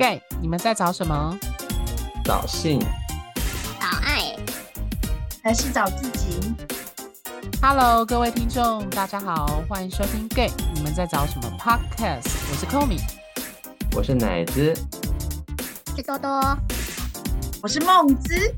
Gay，你們在找什麼？找性？找愛？還是找自己？Hello，各位聽眾，大家好，歡迎收聽 Gay。你們在找什麼 Podcast？我是 Komi，我是奶子，是多多，我是孟姿。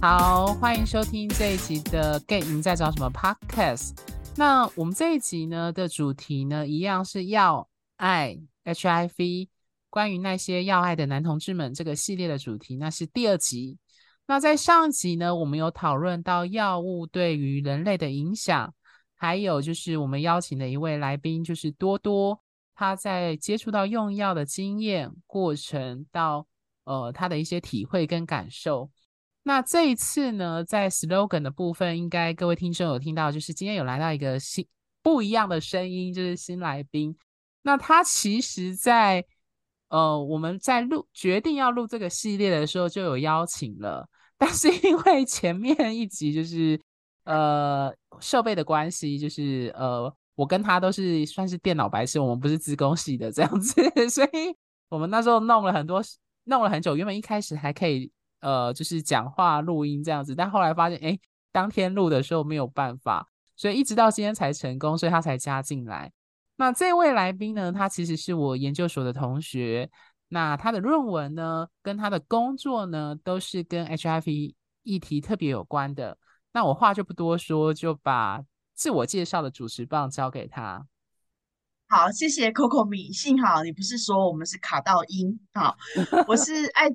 好，歡迎收聽這一集的 Gay。你們在找什麼 Podcast？那我們這一集呢的主題呢，一樣是藥愛 HIV。H I V，關於那些藥愛的男同志們這個系列的主題，那是第二集。那在上集呢，我們有討論到藥物對於人類的影響，還有就是我們邀請的一位來賓，就是多多，他在接觸到用藥的經驗過程到呃他的一些體會跟感受。那這一次呢，在 slogan 的部分，應該各位聽眾有聽到，就是今天有來到一個新不一樣的聲音，就是新來賓。那他其實在呃，我們在錄決定要錄這個系列的時候就有邀請了，但是因為前面一集就是呃設備的關係，就是呃我跟他都是算是電腦白痴，我們不是資工系的這樣子，所以我們那時候弄了很多，弄了很久，原本一開始還可以呃就是講話錄音這樣子，但後來發現哎、欸、當天錄的時候沒有辦法，所以一直到今天才成功，所以他才加進來。那這位來賓呢？他其實是我研究所的同學。那他的論文呢，跟他的工作呢，都是跟 HIV 議題特別有關的。那我話就不多說，就把自我介紹的主持棒交給他。好，謝謝 Coco 米。幸好你不是說我們是卡到音。好， 我是艾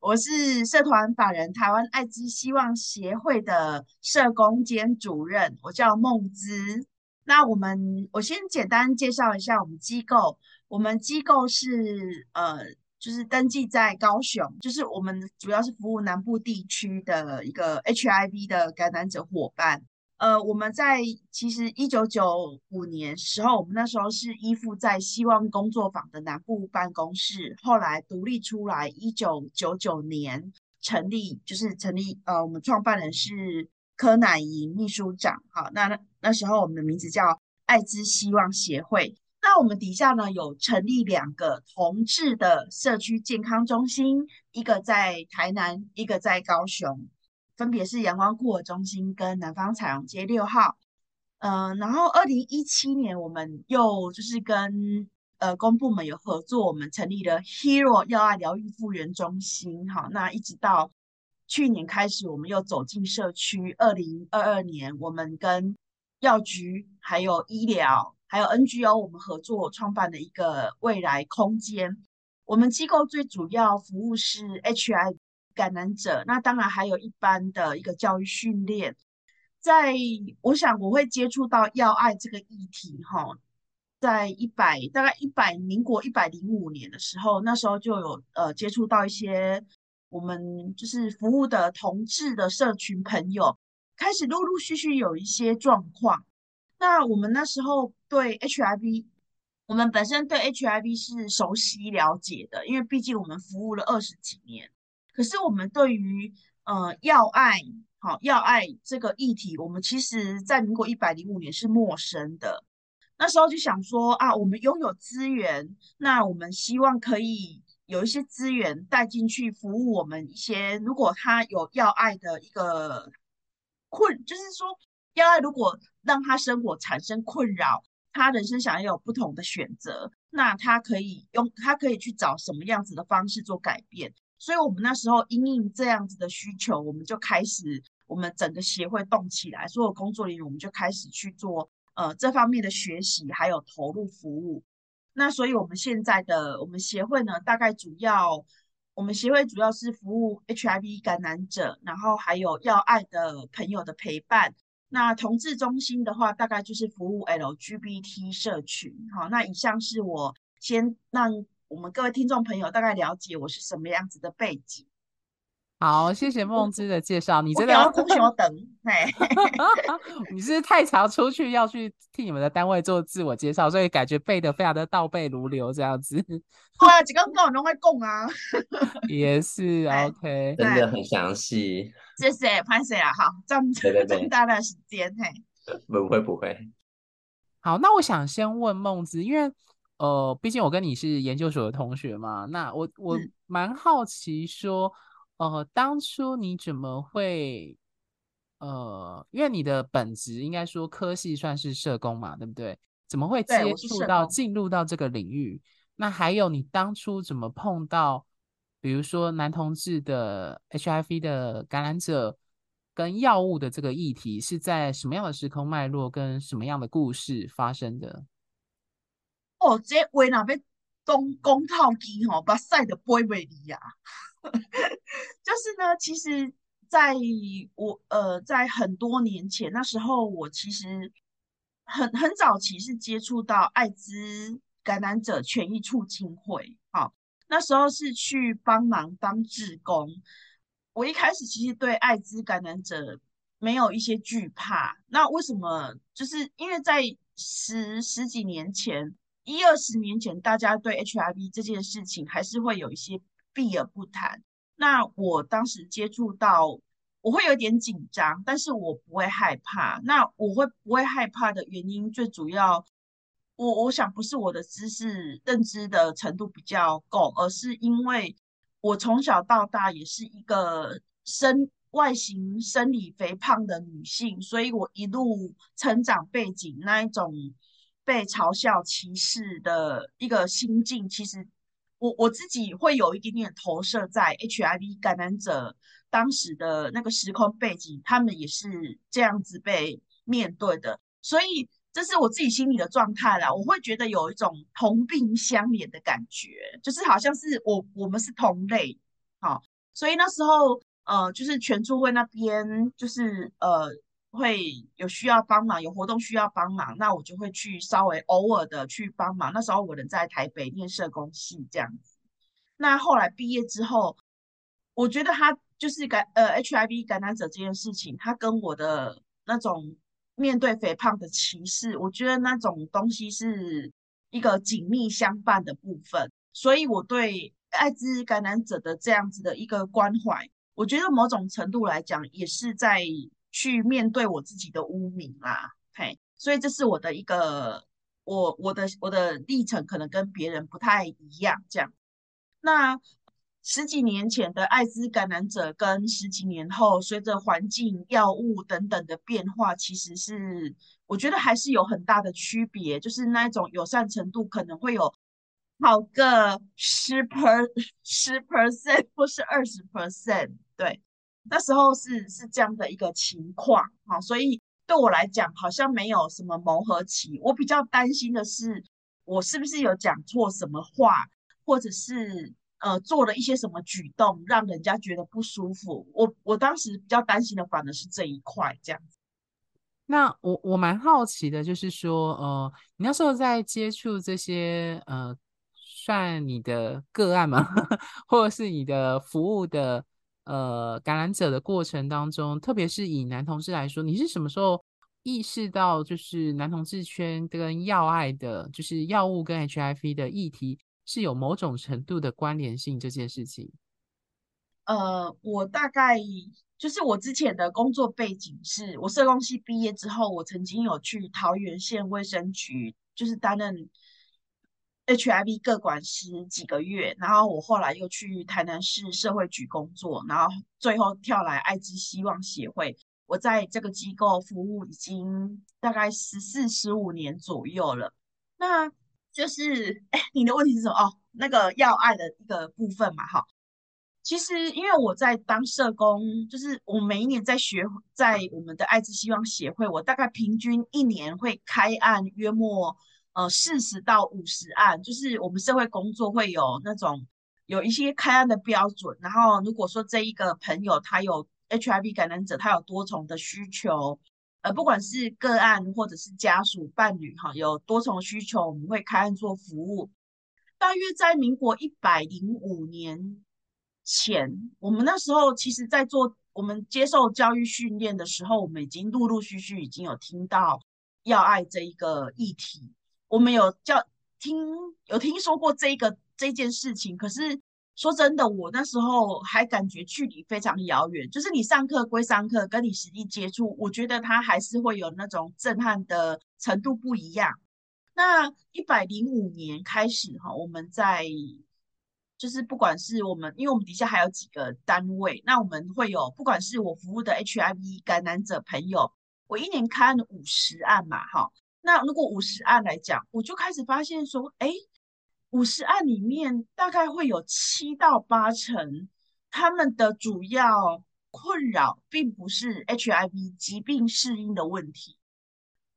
我是社團法人台灣愛之希望協會的社工兼主任，我叫孟姿。那我們，我先簡單介紹一下我們機構。我們機構是呃，就是登記在高雄，就是我們主要是服務南部地區的一個 HIV 的感染者夥伴。呃，我們在其實一九九五年時候，我們那時候是依附在希望工作坊的南部辦公室，後來獨立出來，一九九九年成立，就是成立呃，我們創辦人是。柯乃瑩秘書長，好，那那時候我們的名字叫愛之希望協會。那我們底下呢，有成立兩個同志的社區健康中心，一個在台南，一個在高雄，分別是陽光酷兒中心跟南方彩虹街六號。嗯、呃，然後二零一七年我們又就是跟呃公部門有合作，我們成立了 Hero 藥愛療癒復原中心。好，那一直到。去年開始，我們又走進社區。二零二二年，我們跟藥局、還有醫療、還有 NGO，我們合作創辦了一個未來空間。我們機構最主要服務是 HI 感染者，那當然還有一般的一個教育訓練。在我想，我會接觸到藥愛這個議題。哈，在一百大概一百民國一百零五年的時候，那時候就有呃接觸到一些。我們就是服務的同志的社群朋友，開始陸陸續續有一些狀況。那我們那時候對 HIV，我們本身對 HIV 是熟悉了解的，因為畢竟我們服務了二十幾年。可是我們對於，呃，藥愛，好、哦、藥愛這個議題，我們其實在民國一百零五年是陌生的。那時候就想說啊，我們擁有資源，那我們希望可以。有一些資源帶進去服務我們一些，如果他有藥愛的一個困，就是說藥愛，如果讓他生活產生困擾，他人生想要有不同的選擇，那他可以用，他可以去找什麼樣子的方式做改變。所以，我們那時候因應這樣子的需求，我們就開始我們整個協會動起來，所有工作人員我們就開始去做呃這方面的學習，還有投入服務。那所以，我們現在的我們協會呢，大概主要，我們協會主要是服務 HIV 感染者，然後還有藥愛的朋友的陪伴。那同志中心的話，大概就是服務 LGBT 社群。好，那以上是我先讓我們各位聽眾朋友大概了解我是什麼樣子的背景。好，謝謝孟姿的介紹。你真的要等？你是太常出去要去替你們的單位做自我介紹，所以感覺背得非常的倒背如流這樣子。哇，這個字我都會講啊。也是，OK，真的很詳細。謝謝潘 Sir，好，占占大量時間嘿。不會，不會。好，那我想先問孟姿，因為呃，畢竟我跟你是研究所的同學嘛，那我我蠻好奇說。哦、呃，當初你怎麼會，呃，因為你的本職應該說科系算是社工嘛，對不對？怎麼會接觸到進入到這個領域？那還有你當初怎麼碰到，比如說男同志的 HIV 的感染者跟藥物的這個議題，是在什麼樣的時空脈絡跟什麼樣的故事發生的？哦，這話那邊東宮套機吼，目屎都飛袂離啊！ 就是呢，其實在我呃，在很多年前，那時候我其實很很早期是接觸到艾滋感染者權益促進會，好，那時候是去幫忙當志工。我一開始其實對艾滋感染者沒有一些懼怕，那為什麼？就是因為在十十幾年前、一二十年前，大家對 HIV 這件事情還是會有一些。避而不談。那我當時接觸到，我會有點緊張，但是我不會害怕。那我會不會害怕的原因，最主要，我我想不是我的知識認知的程度比較夠，而是因為我從小到大也是一個身外形、生理肥胖的女性，所以我一路成長背景那一種被嘲笑、歧視的一個心境，其實。我我自己會有一點點投射在 HIV 感染者當時的那個時空背景，他們也是這樣子被面對的，所以這是我自己心裡的狀態啦。我會覺得有一種同病相憐的感覺，就是好像是我我們是同類，好、哦，所以那時候呃，就是權促會那邊就是呃。會有需要幫忙，有活動需要幫忙，那我就會去稍微偶爾的去幫忙。那時候我人在台北念社工系這樣子，那後來畢業之後，我覺得他就是感呃 HIV 感染者這件事情，他跟我的那種面對肥胖的歧視，我覺得那種東西是一個緊密相伴的部分。所以我對艾滋感染者的這樣子的一個關懷，我覺得某種程度來講也是在。去面對我自己的污名啦，嘿，所以這是我的一個我我的我的歷程，可能跟別人不太一樣，這樣，那十幾年前的艾滋感染者，跟十幾年後隨着環境、藥物等等的變化，其實是我覺得還是有很大的區別，就是那一種友善程度可能會有好個十 per 十 percent 或是二十 percent，對。那時候是是這樣的一個情況哈、啊，所以對我來講好像沒有什麼磨合期。我比較擔心的是，我是不是有講錯什麼話，或者是呃做了一些什麼舉動，讓人家覺得不舒服。我我當時比較擔心的反而是這一塊這樣子。那我我蠻好奇的，就是說呃，你那時候在接觸這些呃，算你的個案嗎？ 或者是你的服務的？呃，感染者的過程當中，特別是以男同志來說，你是什麼時候意識到，就是男同志圈跟藥愛的，就是藥物跟 HIV 的議題是有某種程度的關聯性這件事情？呃，我大概就是我之前的工作背景是，我社工系畢業之後，我曾經有去桃園縣衛生局，就是擔任。HIV 各管十幾個月，然後我後來又去台南市社會局工作，然後最後跳來愛之希望協會。我在這個機構服務已經大概十四、十五年左右了。那就是、欸，你的問題是什麼？哦，那個藥愛的一個部分嘛，哈。其實因為我在當社工，就是我每一年在學，在我們的愛之希望協會，我大概平均一年會開案約莫。呃，四十到五十案，就是我們社會工作會有那種有一些開案的標準。然後，如果說這一個朋友他有 HIV 感染者，他有多重的需求，呃，不管是個案或者是家屬、伴侶哈，有多重需求，我們會開案做服務。大約在民國一百零五年前，我們那時候其實，在做我們接受教育訓練的時候，我們已經陸陸續續已經有聽到藥愛這一個議題。我們有叫聽有聽說過這一個這件事情，可是說真的，我那時候還感覺距離非常遙遠。就是你上課歸上課，跟你實際接觸，我覺得它還是會有那種震撼的程度不一樣。那一百零五年開始哈，我們在就是不管是我們，因為我們底下還有幾個單位，那我們會有不管是我服務的 HIV 感染者朋友，我一年開五十案嘛哈。那如果五十案來講，我就開始發現說，哎、欸，五十案裡面大概會有七到八成，他們的主要困擾並不是 HIV 疾病適應的問題，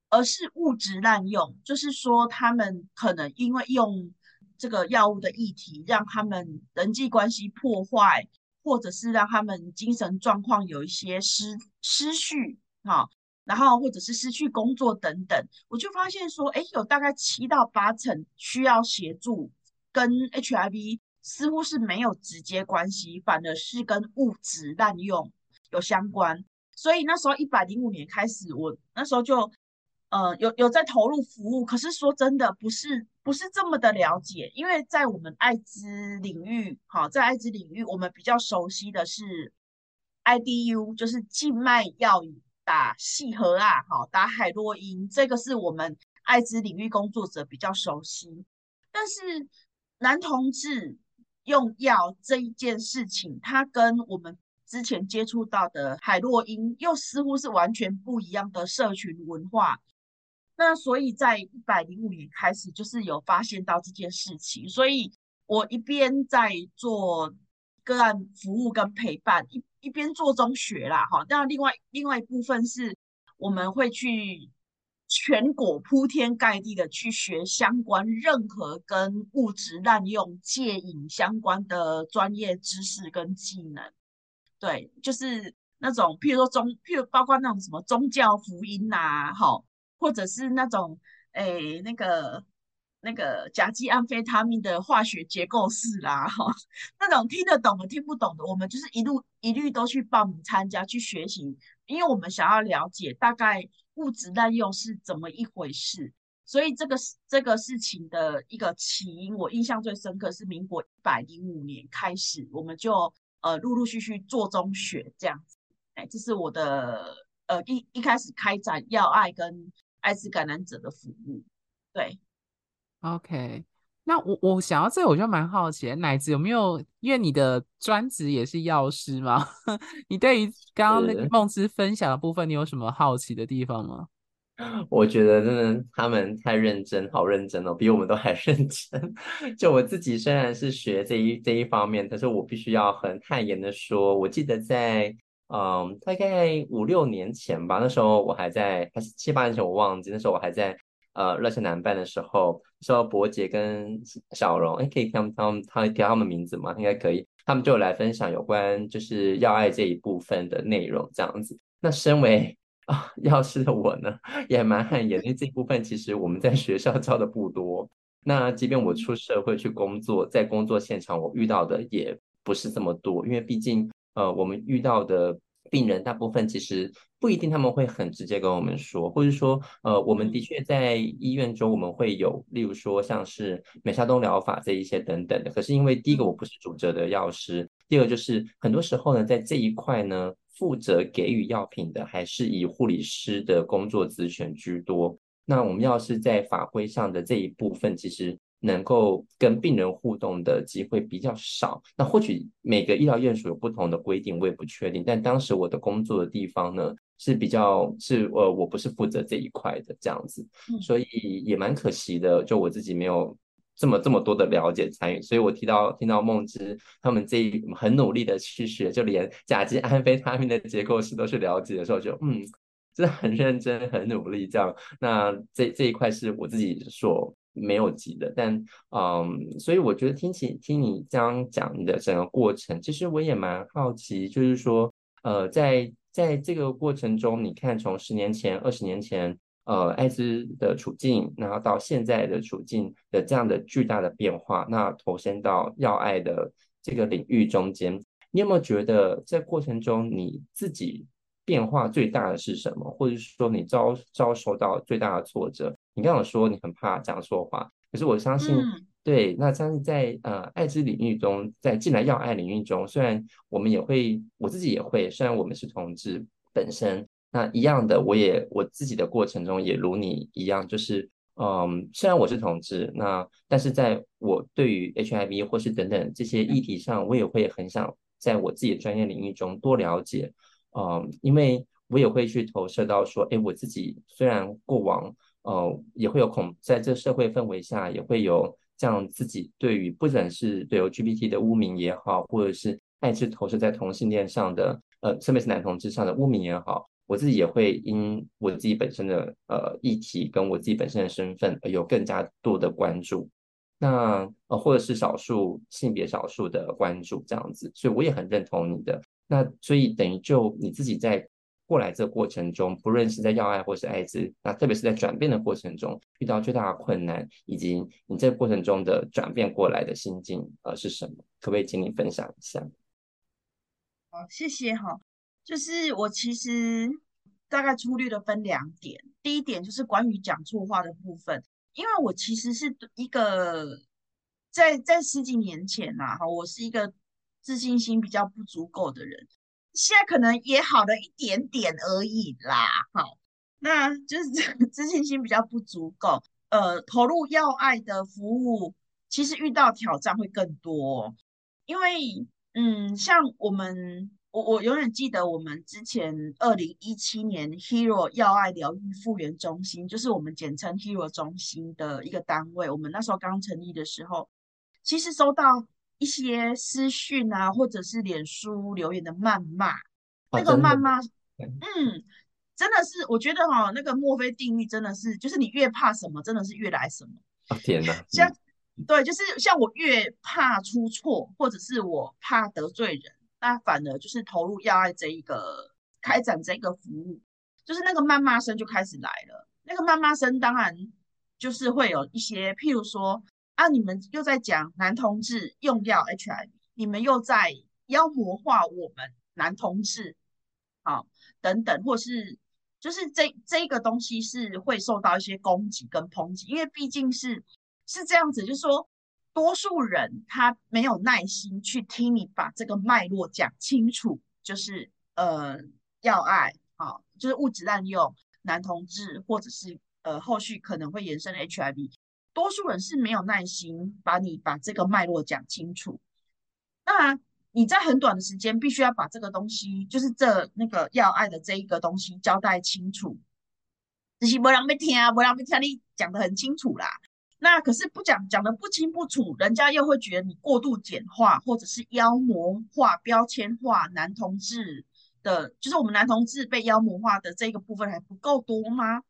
而是物質濫用。就是說，他們可能因為用這個藥物的議題，讓他們人際關係破壞，或者是讓他們精神狀況有一些失失序，哈、啊。然後或者是失去工作等等，我就發現說，哎，有大概七到八成需要協助，跟 HIV 似乎是沒有直接關係，反而是跟物質濫用有相關。所以那時候一百零五年開始，我那時候就，呃，有有在投入服務，可是說真的，不是不是這麼的了解，因為在我們艾滋領域，好，在艾滋領域，我們比較熟悉的是 IDU，就是靜脈藥癮。打細盒啊，好，打海洛因，這個是我們艾滋領域工作者比較熟悉。但是男同志用藥這一件事情，它跟我們之前接觸到的海洛因又似乎是完全不一樣的社群文化。那所以在一百零五年開始，就是有發現到這件事情。所以我一邊在做。個案服務跟陪伴一一邊做中學啦，哈，那另外另外一部分是我們會去全國鋪天蓋地的去學相關任何跟物質濫用、戒癮相關的專業知識跟技能，對，就是那種譬如說中，譬如包括那種什麼宗教福音啊，哈，或者是那種誒、欸、那個。那個甲基安非他命的化學結構式啦，哈、哦，那種聽得懂的、聽不懂的，我們就是一路一律都去報名參加去學習，因為我們想要了解大概物質濫用是怎麼一回事。所以這個事這個事情的一個起因，我印象最深刻是民國一百零五年開始，我們就呃陸陸續續做中學這樣子。哎，這是我的呃一一開始開展藥愛跟艾滋感染者的服務，對。OK，那我我想到這，我就蠻好奇的，奶子有沒有？因為你的專職也是藥師嘛？ 你對於剛剛那個孟姿分享的部分，是你有什麼好奇的地方嗎？我覺得真的他們太認真，好認真哦，比我們都還認真。就我自己雖然是學這一這一方面，可是我必須要很汗顏的說，我記得在嗯，大概五六年前吧，那時候我還在，還是七八年前我忘記，那時候我還在。呃，那些男扮的時候，說伯杰跟小榮，哎，可以提他們他提他們名字嗎？應該可以，他們就來分享有關就是要愛這一部分的內容，這樣子。那身為啊藥師的我呢，也蠻汗顏。因為這一部分其實我們在學校教的不多。那即便我出社會去工作，在工作現場我遇到的也不是這麼多，因為畢竟呃，我們遇到的。病人大部分其實不一定他們會很直接跟我們說，或者說，呃，我們的確在醫院中我們會有，例如說像是美沙東療法這一些等等的。可是因為第一個我不是主責的藥師，第二就是很多時候呢，在這一塊呢，負責給予藥品的還是以護理師的工作職權居多。那我們藥師在法規上的這一部分，其實。能夠跟病人互動的機會比較少，那或許每個醫療院所有不同的規定，我也不確定。但當時我的工作的地方呢，是比較是呃，我不是負責這一塊的這樣子，所以也蠻可惜的，就我自己沒有這麼這麼多的了解參與。所以我提到聽到孟姿他們這一很努力的去學，就連甲基安非他命的結構式都是了解的時候，就嗯，真的很認真很努力這樣。那這這一塊是我自己所。沒有急的，但嗯，所以我覺得聽起聽你這樣講你的整個過程，其實我也蠻好奇，就是說，呃，在在這個過程中，你看從十年前、二十年前，呃，愛滋的處境，然後到現在的處境的這樣的巨大的變化，那投身到藥愛的這個領域中間，你有沒有覺得在過程中你自己變化最大的是什麼，或者是說你遭遭受到最大的挫折？你剛剛有說你很怕這樣說話，可是我相信，嗯、對，那相信在呃愛滋領域中，在既然要愛領域中，雖然我們也會，我自己也會，雖然我們是同志本身，那一樣的，我也我自己的過程中也如你一樣，就是嗯，雖然我是同志，那但是在我對於 HIV 或是等等這些議題上，嗯、我也會很想在我自己的專業領域中多了解，嗯，因為我也會去投射到說，哎，我自己雖然過往。呃，也會有恐，在這社會氛圍下，也會有這樣自己對於不只是對 LGBT 的汙名也好，或者是愛之投射在同性戀上的，呃，特別是男同志上的汙名也好，我自己也會因我自己本身的呃議題跟我自己本身的身份有更加多的關注，那呃，或者是少數性別少數的關注這樣子，所以我也很認同你的。那所以等於就你自己在。過來這個過程中，不論是在藥愛或是愛滋，那、啊、特別是在轉變的過程中，遇到最大的困難，以及你這個過程中的轉變過來的心境，呃，是什麼？可不可以請你分享一下？好，謝謝哈、哦。就是我其實大概粗略的分兩點，第一點就是關於講錯話的部分，因為我其實是一個在在十幾年前吶、啊、哈，我是一個自信心比較不足夠的人。現在可能也好了一點點而已啦，好，那就是自信心比較不足夠，呃，投入藥愛的服務，其實遇到挑戰會更多，因為，嗯，像我們，我我永遠記得我們之前二零一七年 Hero 藥愛療癒復原中心，就是我們簡稱 Hero 中心的一個單位，我們那時候剛成立的時候，其實收到。一些私訊啊，或者是臉書留言的謾罵，哦、那個謾罵，嗯，真的是，我覺得哈、哦，那個墨菲定律真的是，就是你越怕什麼，真的是越來什麼。哦、天哪！像、嗯、對，就是像我越怕出錯，或者是我怕得罪人，那反而就是投入藥愛這一個開展這一個服務，就是那個謾罵聲就開始來了。那個謾罵聲當然就是會有一些，譬如說，啊！你們又在講男同志用掉 HIV，你們又在妖魔化我們男同志，啊、哦，等等，或是就是這這個東西是會受到一些攻擊跟抨擊，因為畢竟是是這樣子，就是說多數人他沒有耐心去聽你把這個脈絡講清楚，就是呃藥愛，啊、哦，就是物質濫用男同志，或者是呃後續可能會延伸的 HIV。多數人是沒有耐心把你把這個脈絡講清楚。當然，你在很短的時間必須要把這個東西，就是這那個藥愛的這一個東西交代清楚。只是沒人沒聽啊，沒人沒聽你講得很清楚啦。那可是不講講得不清不楚，人家又會覺得你過度簡化，或者是妖魔化、標籤化男同志的，就是我們男同志被妖魔化的這個部分還不夠多嗎？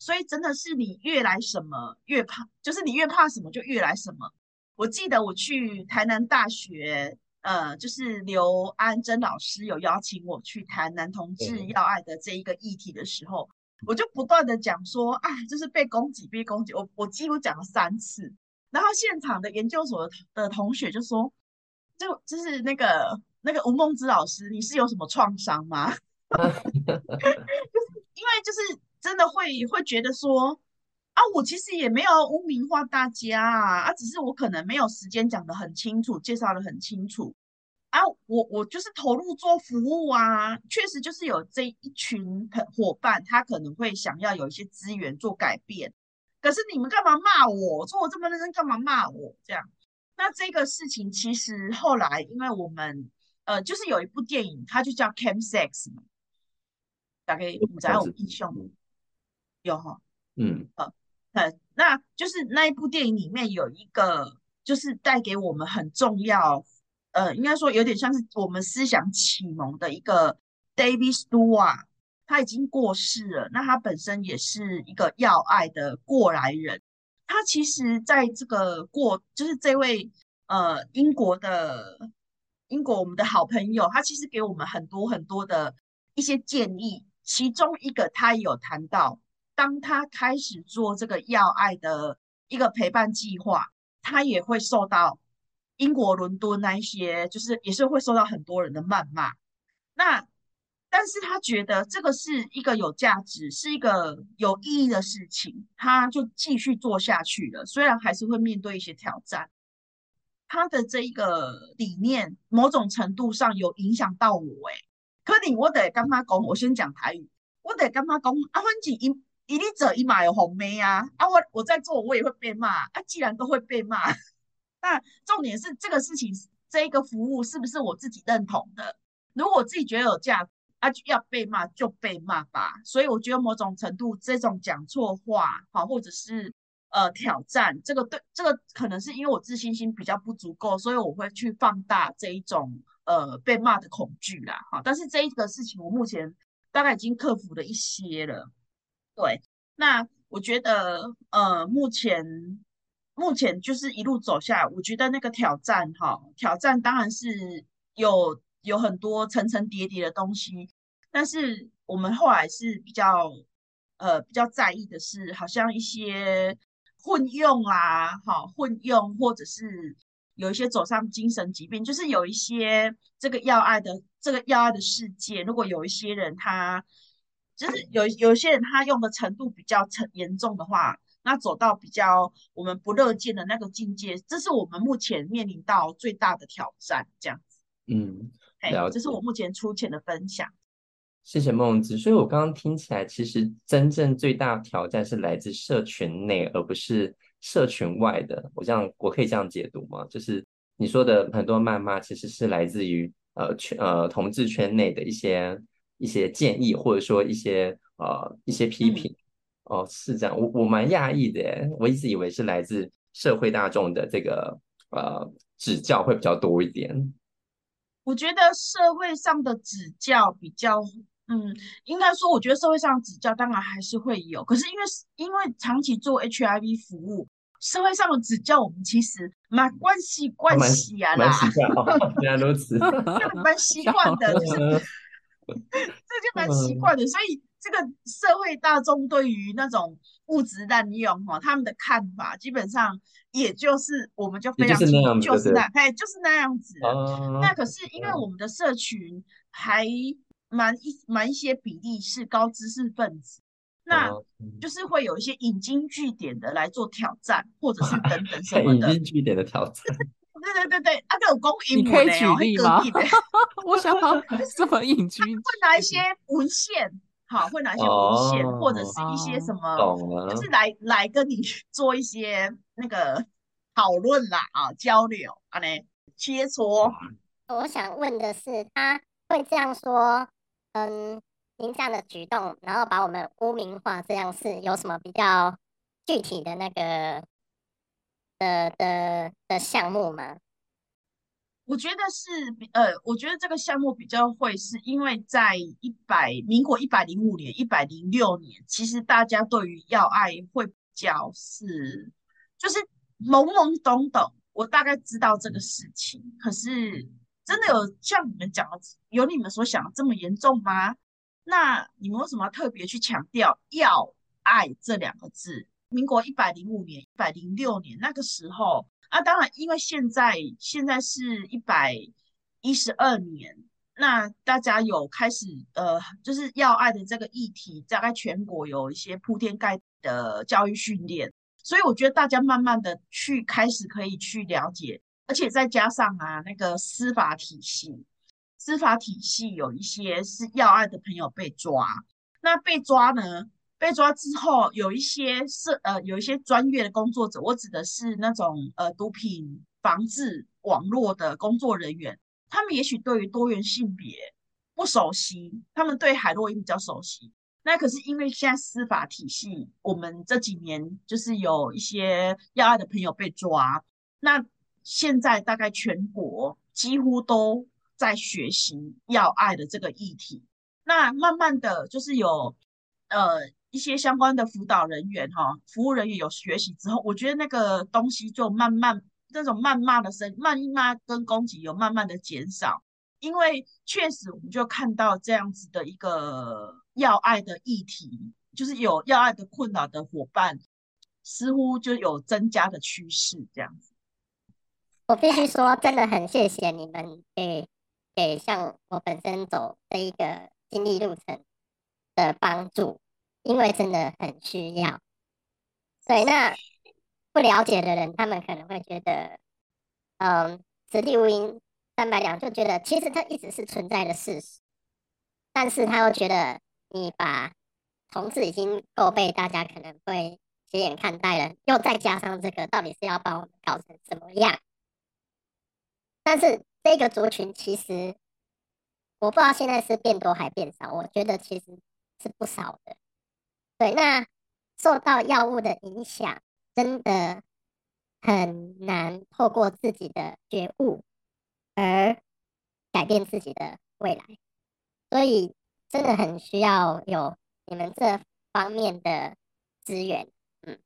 所以真的是你越來什麼越怕，就是你越怕什麼就越來什麼。我記得我去台南大學，呃，就是劉安珍老師有邀請我去談男同志要愛的這一個議題的時候，對對對，我就不斷的講說，啊，就是被攻擊，被攻擊。我我幾乎講了三次，然後現場的研究所的的同學就說，就就是那個那個吳孟姿老師，你是有什麼創傷嗎？ 就是因為就是。真的會會覺得說啊，我其實也沒有污名化大家啊，啊，只是我可能沒有時間講得很清楚，介紹得很清楚啊，我我就是投入做服務啊，確實就是有這一群夥伴，他可能會想要有一些資源做改變，可是你們幹嘛罵我？說我這麼認真幹嘛罵我這樣？那這個事情其實後來，因為我們呃，就是有一部電影，它就叫《Chemsex》，打大概我們有齁，嗯，呃，呃，那就是那一部電影裡面有一個，就是帶給我們很重要，呃，應該說有點像是我們思想啟蒙的一個 David Stuart，他已經過世了。那他本身也是一個藥愛的過來人，他其實在這個過，就是這位呃英國的英國我們的好朋友，他其實給我們很多很多的一些建議，其中一個他也有談到。當他開始做這個藥愛的一個陪伴計劃，他也會受到英國倫敦那一些，就是也是會受到很多人的謾罵。那，但是他覺得這個是一個有價值、是一個有意義的事情，他就繼續做下去了。雖然還是會面對一些挑戰，他的這一個理念，某種程度上有影響到我。哎，可你我得跟他講，我先講台語，我得跟他講阿芬姐因。啊伊力者一馬有紅妹啊！啊，我我在做，我也會被罵。啊，既然都會被罵，那重點是這個事情，這一個服務是不是我自己認同的？如果我自己覺得有價，啊，就要被罵就被罵吧。所以我覺得某種程度，這種講錯話，好，或者是呃挑戰，這個對這個可能是因為我自信心比較不足夠，所以我會去放大這一種呃被罵的恐懼啦，好。但是這一個事情，我目前大概已經克服了一些了。對，那我覺得，呃，目前目前就是一路走下來，我覺得那個挑戰，哈、哦，挑戰當然是有有很多層層疊疊的東西，但是我們後來是比較，呃，比較在意的是，好像一些混用啊，哈、哦，混用，或者是有一些走上精神疾病，就是有一些這個藥愛的這個藥愛的世界，如果有一些人他。就是有有些人他用的程度比較沉嚴重的話，那走到比較我們不樂見的那個境界，這是我們目前面臨到最大的挑戰。這樣子，嗯，好，這是我目前粗淺的分享。謝謝孟姿。所以我剛剛聽起來，其實真正最大挑戰是來自社群內，而不是社群外的。我這樣，我可以這樣解讀嗎？就是你說的很多謾罵，其實是來自於呃圈呃同志圈內的一些。一些建議，或者說一些呃一些批評，嗯、哦，是這樣，我我蠻訝異的，我一直以為是來自社會大眾的這個呃指教會比較多一點。我覺得社會上的指教比較，嗯，應該說，我覺得社會上的指教當然還是會有，可是因為因為長期做 H I V 服務，社會上的指教我們其實蠻慣習，慣習、嗯、啊啦，原來、喔、 如此，蠻習慣的，就是。 這就蠻奇怪的，嗯、所以這個社會大眾對於那種物質濫用哈，他們的看法基本上也就是我們就非常就是那哎就，對就是那樣子。哦、那可是因為我們的社群還蠻一、哦、蠻一些比例是高知識分子，哦、那就是會有一些引經據典的來做挑戰，或者是等等什麼的引經據典的挑戰。 對對對對，那個公益模呢？可以舉例嗎？啊、 我想問、啊， 這麼隱居，他會拿一些文獻，好，會拿一些文獻，oh, 或者是一些什麼，oh, 就是來來跟你做一些那個討論啦，嗯、啊，交流啊呢，切磋。嗯、我想問的是，他會這樣說，嗯，您這樣的舉動，然後把我們污名化，這樣是有什麼比較具體的那個？的的的項目嗎？我覺得是，呃，我覺得這個項目比較會是因為在一百民國一百零五年、一百零六年，其實大家對於藥愛會比較是就是懵懵懂懂，我大概知道這個事情，可是真的有像你們講的有你們所想的這麼嚴重嗎？那你們為什麼要特別去強調藥愛這兩個字？民國一百零五年、一百零六年那個時候啊，當然，因為現在現在是一百一十二年，那大家有開始呃，就是藥愛的這個議題，大概全國有一些鋪天蓋地的教育訓練，所以我覺得大家慢慢的去開始可以去了解，而且再加上啊，那個司法體系，司法體系有一些是藥愛的朋友被抓，那被抓呢？被抓之後，有一些是呃，有一些專業的工作者，我指的是那種呃毒品防治網絡的工作人員，他們也許對於多元性別不熟悉，他們對海洛因比較熟悉。那可是因為現在司法體系，我們這幾年就是有一些藥愛的朋友被抓，那現在大概全國幾乎都在學習藥愛的這個議題，那慢慢的就是有呃。一些相關的輔導人員哈，服務人員有學習之後，我覺得那個東西就慢慢那種謾罵的聲謾罵跟攻擊有慢慢的減少，因為確實我們就看到這樣子的一個藥愛的議題，就是有藥愛的困擾的夥伴，似乎就有增加的趨勢這樣子。我必須說，真的很謝謝你們給給像我本身走這一個經歷路程的幫助。因為真的很需要，所以那不了解的人，他們可能會覺得，嗯，此地無銀三百兩，就覺得其實它一直是存在的事實，但是他又覺得你把同志已經夠被大家可能會斜眼看待了，又再加上這個到底是要把我們搞成什麼樣？但是這個族群其實，我不知道現在是變多還變少，我覺得其實是不少的。對，那受到藥物的影響，真的很難透過自己的覺悟而改變自己的未來，所以真的很需要有你們這方面的資源。嗯，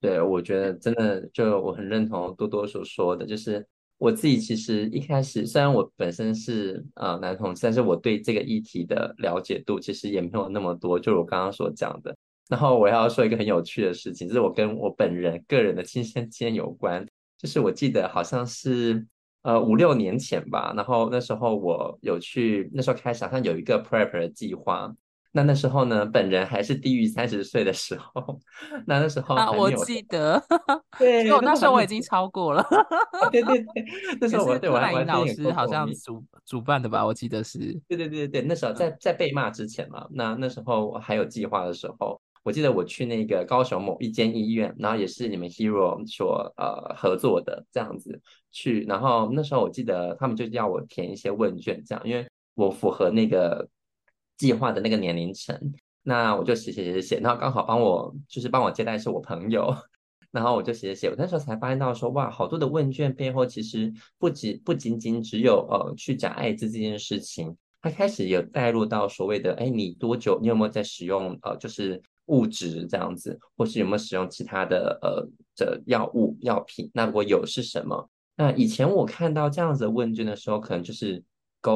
對，我覺得真的就我很認同多多所說的，就是。我自己其實一開始，雖然我本身是呃男同志，但是我對這個議題的了解度其實也沒有那麼多，就是我剛剛所講的。然後我要說一個很有趣的事情，就是我跟我本人個人的親身經歷有關，就是我記得好像是呃五六年前吧，然後那時候我有去，那時候開始好像有一個 PrEP 的計劃。那那時候呢，本人還是低於三十歲的時候，那那時候、啊、我記得，對，因為那時候我已經超過了，啊、對對對，那時候我對我來引導是好像主主辦的吧，我記得是，對對對對，那時候在在被罵之前嘛，那那時候我還有計劃的時候，我記得我去那個高雄某一間醫院，然後也是你們 Hero 所呃合作的這樣子去，然後那時候我記得他們就要我填一些問卷這樣，因為我符合那個。計劃的那個年齡層，那我就寫寫寫寫，那然後剛好幫我就是幫我接待是我朋友，然後我就寫寫寫，我那時候才發現到說，哇，好多的問卷背後其實不僅，不僅僅只有呃去講艾滋這件事情，它開始有帶入到所謂的哎，你多久你有沒有在使用呃就是物質這樣子，或是有沒有使用其他的呃的藥物藥品？那如果有是什麼？那以前我看到這樣子的問卷的時候，可能就是。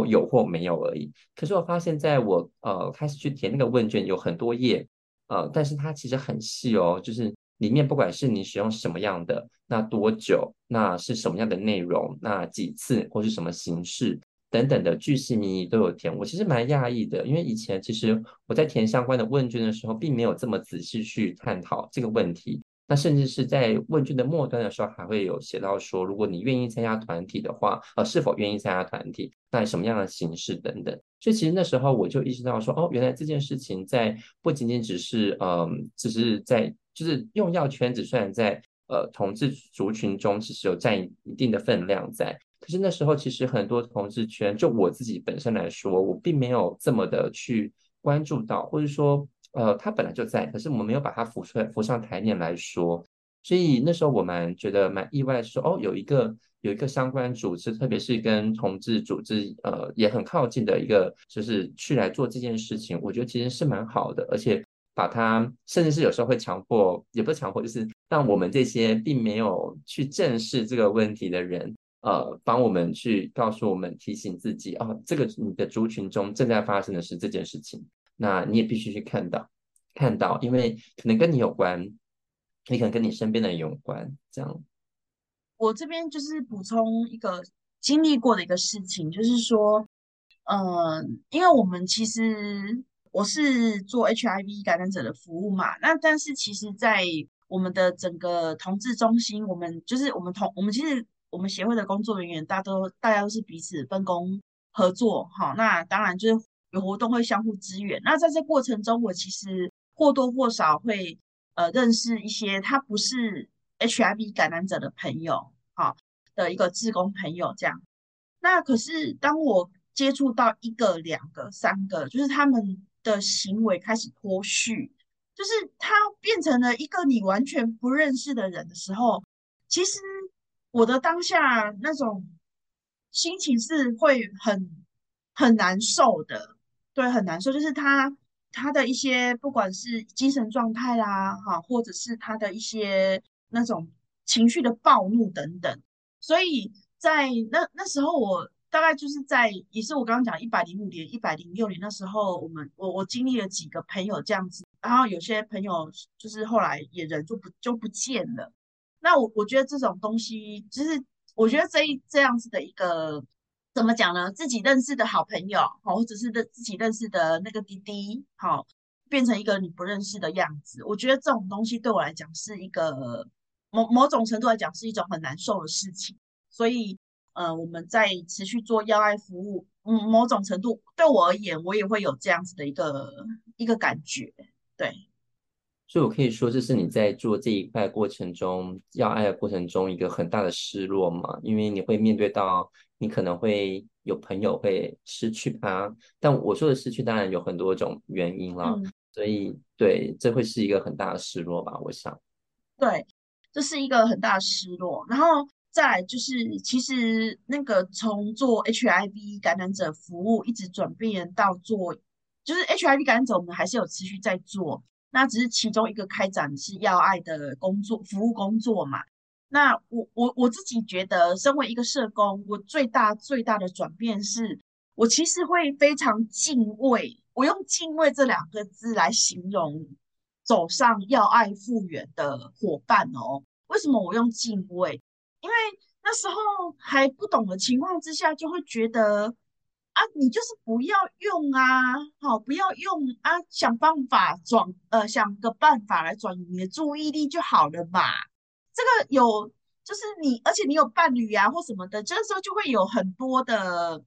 有或沒有而已。可是我發現，在我呃開始去填那個問卷，有很多頁，呃，但是它其實很細哦，就是裡面不管是你使用什麼樣的，那多久，那是什麼樣的內容，那幾次或是什麼形式等等的，巨細靡遺都有填。我其實蠻訝異的，因為以前其實我在填相關的問卷的時候，並沒有這麼仔細去探討這個問題。那甚至是在問卷的末端的時候，還會有寫到說，如果你願意參加團體的話，呃，是否願意參加團體？那什麼樣的形式等等。所以其實那時候我就意識到說，哦，原來這件事情在不僅僅只是呃，只是在就是用藥圈子，雖然在呃同志族群中其實有占一定的分量在，可是那時候其實很多同志圈，就我自己本身來說，我並沒有這麼的去關注到，或者說。呃，他本來就在，可是我們沒有把他扶出來、扶上台面來說，所以那時候我們覺得蠻意外說，說哦，有一個有一個相關組織，特別是跟同志組織，呃，也很靠近的一個，就是去來做這件事情，我覺得其實是蠻好的，而且把它，甚至是有時候會強迫，也不是強迫，就是讓我們這些並沒有去正視這個問題的人，呃，幫我們去告訴我們、提醒自己，哦，這個你的族群中正在發生的是這件事情。那你也必須去看到，看到，因為可能跟你有關，也可能跟你身邊的人有關。這樣，我這邊就是補充一個經歷過的一個事情，就是說，嗯、呃，因為我們其實我是做 HIV 感染者的服務嘛，那但是其實，在我們的整個同志中心，我們就是我們同我們其實我們協會的工作人員，大都大家都是彼此分工合作，哈，那當然就是。有活動會相互支援，那在這過程中，我其實或多或少會呃認識一些他不是 HIV 感染者的朋友，好，的一個志工朋友這樣。那可是當我接觸到一個、兩個、三個，就是他們的行為開始脫序，就是他變成了一個你完全不認識的人的時候，其實我的當下那種心情是會很很難受的。對，很難受，就是他他的一些不管是精神狀態啦，哈，或者是他的一些那種情緒的暴怒等等，所以在那那時候，我大概就是在也是我剛剛講一百零五年、一百零六年那時候我，我們我我經歷了幾個朋友這樣子，然後有些朋友就是後來也人就不就不見了。那我我覺得這種東西，就是我覺得這一這樣子的一個。怎麼講呢？自己認識的好朋友，好，或者是自己認識的那個弟弟，好，變成一個你不認識的樣子。我覺得這種東西對我來講是一個某某種程度來講是一種很難受的事情。所以，呃，我們在持續做藥愛服務，嗯，某種程度對我而言，我也會有這樣子的一個一個感覺，對。就我可以說，這是你在做這一塊過程中藥愛的過程中一個很大的失落嘛，因為你會面對到你可能會有朋友會失去他，但我說的失去當然有很多種原因了。嗯、所以對，這會是一個很大的失落吧，我想。對，這是一個很大的失落，然後再來就是、嗯、其實那個從做 HIV 感染者服務一直轉變到做，就是 HIV 感染者我們還是有持續在做。那只是其中一個開展是藥愛的工作服務工作嘛。那我我我自己覺得，身為一個社工，我最大最大的轉變是，我其實會非常敬畏。我用敬畏這兩個字來形容走上藥愛復原的夥伴哦。為什麼我用敬畏？因為那時候還不懂的情況之下，就會覺得。啊，你就是不要用啊，好，不要用啊，想辦法轉，呃，想個辦法來轉移你的注意力就好了嘛。這個有，就是你，而且你有伴侶啊或什麼的，這個時候就會有很多的，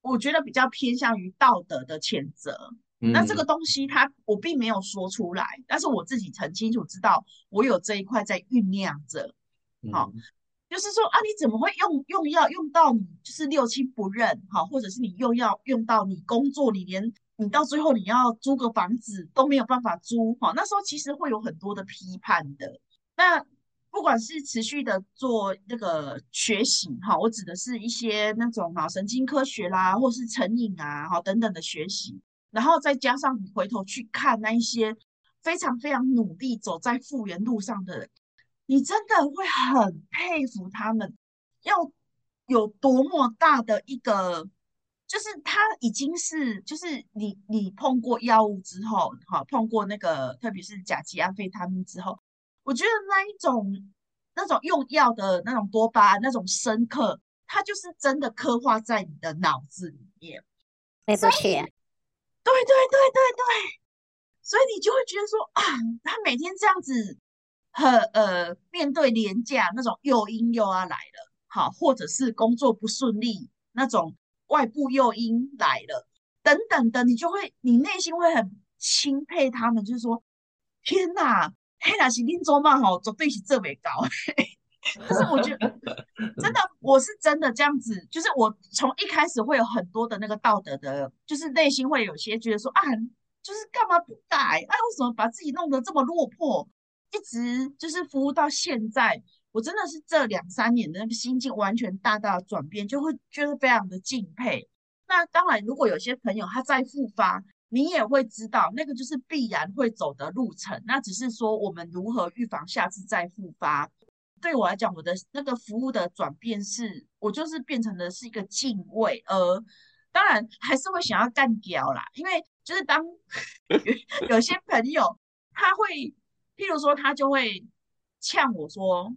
我覺得比較偏向於道德的譴責。嗯、那這個東西它，他我並沒有說出來，但是我自己很清楚知道，我有這一塊在醞釀着，好。嗯就是說啊，你怎麼會用用藥用到你就是六親不認哈，或者是你用藥用到你工作，你連你到最後你要租個房子都沒有辦法租哈？那時候其實會有很多的批判的。那不管是持續的做那個學習哈，我指的是一些那種腦神經科學啦，或是成癮啊好，等等的學習，然後再加上你回頭去看那一些非常非常努力走在復原路上的人。你真的會很佩服他們，要有多麽大的一個，就是他已經是，就是你你碰過藥物之後，哈，碰過那個，特別是甲基安非他命之後，我覺得那一種，那種用藥的那種多巴胺，那種深刻，它就是真的刻畫在你的腦子裡面。沒錯，對對對對對，所以你就會覺得說啊，他每天這樣子。和呃、面對廉價那種誘因又要、啊、來了，好，或者是工作不順利那種外部誘因來了，等等的，你就會，你內心會很欽佩他們，就是說，天哪、啊，黑哪是恁做夢好，絕對是這麼高。但是我覺得， 真的，我是真的這樣子，就是我從一開始會有很多的那個道德的，就是內心會有些覺得說啊，就是幹嘛不改、欸？啊，為什麼把自己弄得這麼落魄？一直就是服務到現在，我真的是這兩三年的心境完全大大的轉變，就會覺得非常的敬佩。那當然，如果有些朋友他再復發，你也會知道，那個就是必然會走的路程。那只是說我們如何預防下次再復發。對我來講，我的那個服務的轉變是，我就是變成的是一個敬畏，而當然還是會想要幹掉啦，因為就是當 有些朋友他會。譬如說，他就會嗆我說，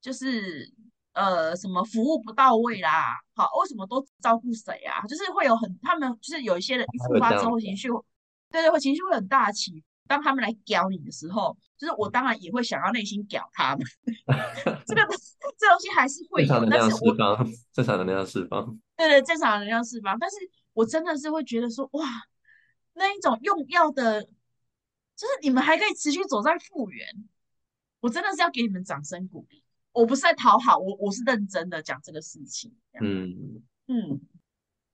就是呃，什麼服務不到位啦，好，哦，為什麼都照顧誰啊？就是會有很，他們就是有一些人一復發之後情緒，會對，對對，會情緒會很大氣，當他們來屌你的時候，就是我當然也會想要內心屌他們，這個這東西還是會有，正常能正常能量釋放，對對，正常能量釋放，但是我真的是會覺得說，哇，那一種用藥的。就是你們還可以持續走在復原，我真的是要給你們掌聲鼓勵。我不是在討好我，我是認真的講這個事情。嗯嗯，嗯，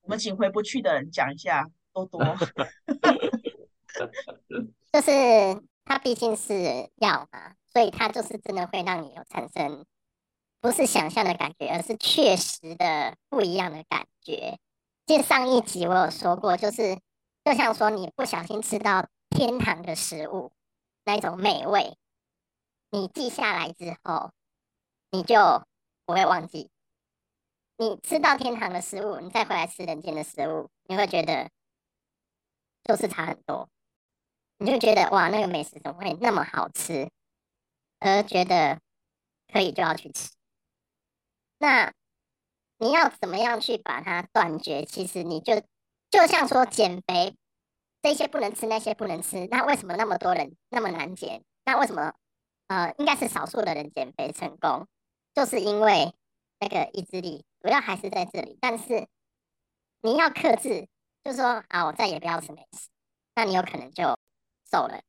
我們請回不去的人講一下多多。就是它畢竟是藥嘛，所以它就是真的會讓你有產生不是想象的感覺，而是確實的不一樣的感覺。其實上一集我有說過，就是就像說你不小心吃到。天堂的食物，那種美味，你記下來之後，你就不會忘記。你吃到天堂的食物，你再回來吃人間的食物，你會覺得就是差很多。你就覺得哇，那個美食怎麼會那麼好吃，而覺得可以就要去吃。那你要怎麼樣去把它斷絕？其實你就就像說減肥，這些不能吃，那些不能吃。那為什麼那麼多人那麼難減？那為什麼呃，應該是少數的人減肥成功，就是因為那個意志力主要還是在這裡。但是你要克制，就是說啊，我再也不要吃美食，那你有可能就瘦了。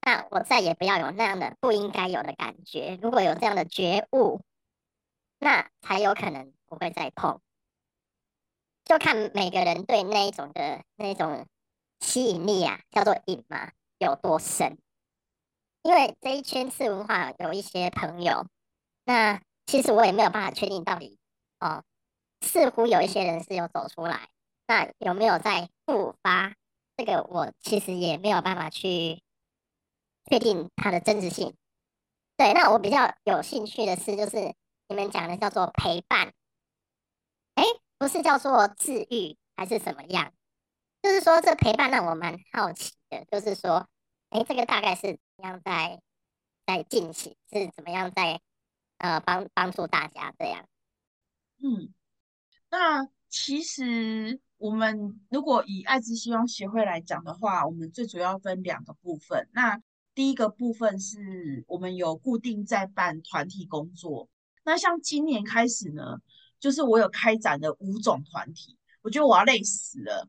那我再也不要有那樣的不應該有的感覺。如果有這樣的覺悟，那才有可能不會再碰。就看每個人對那一種的那種。吸引力啊，叫做癮嘛，有多深？因為這一圈次文化有一些朋友，那其實我也沒有辦法確定到底哦。似乎有一些人是有走出來，那有沒有再復發？這個我其實也沒有辦法去確定它的真實性。對，那我比較有興趣的是，就是你們講的叫做陪伴，哎，不是叫做治癒還是什麼樣？就是說，這陪伴讓我蠻好奇的。就是說，哎，這個大概是怎麼樣在在進行？是怎麼樣在呃幫幫助大家這樣？嗯，那其實我們如果以愛之希望協會來講的話，我們最主要分兩個部分。那第一個部分是我們有固定在辦團體工作。那像今年開始呢，就是我有開展了五種團體。我覺得我要累死了，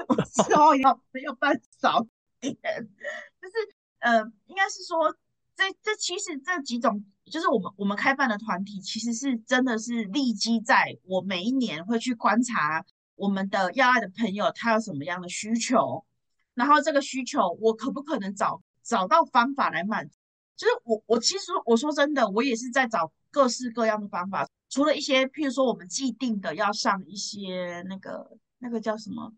我之後要沒有辦法，就是呃，應該是說這這其實這幾種，就是我們我們開辦的團體，其實是真的是立基在我每一年會去觀察我們的要愛的朋友，他有什麼樣的需求，然後這個需求我可不可能找找到方法來滿足？就是我我其實我說真的，我也是在找各式各樣的方法。除了一些，譬如說我們既定的要上一些那個那個叫什麼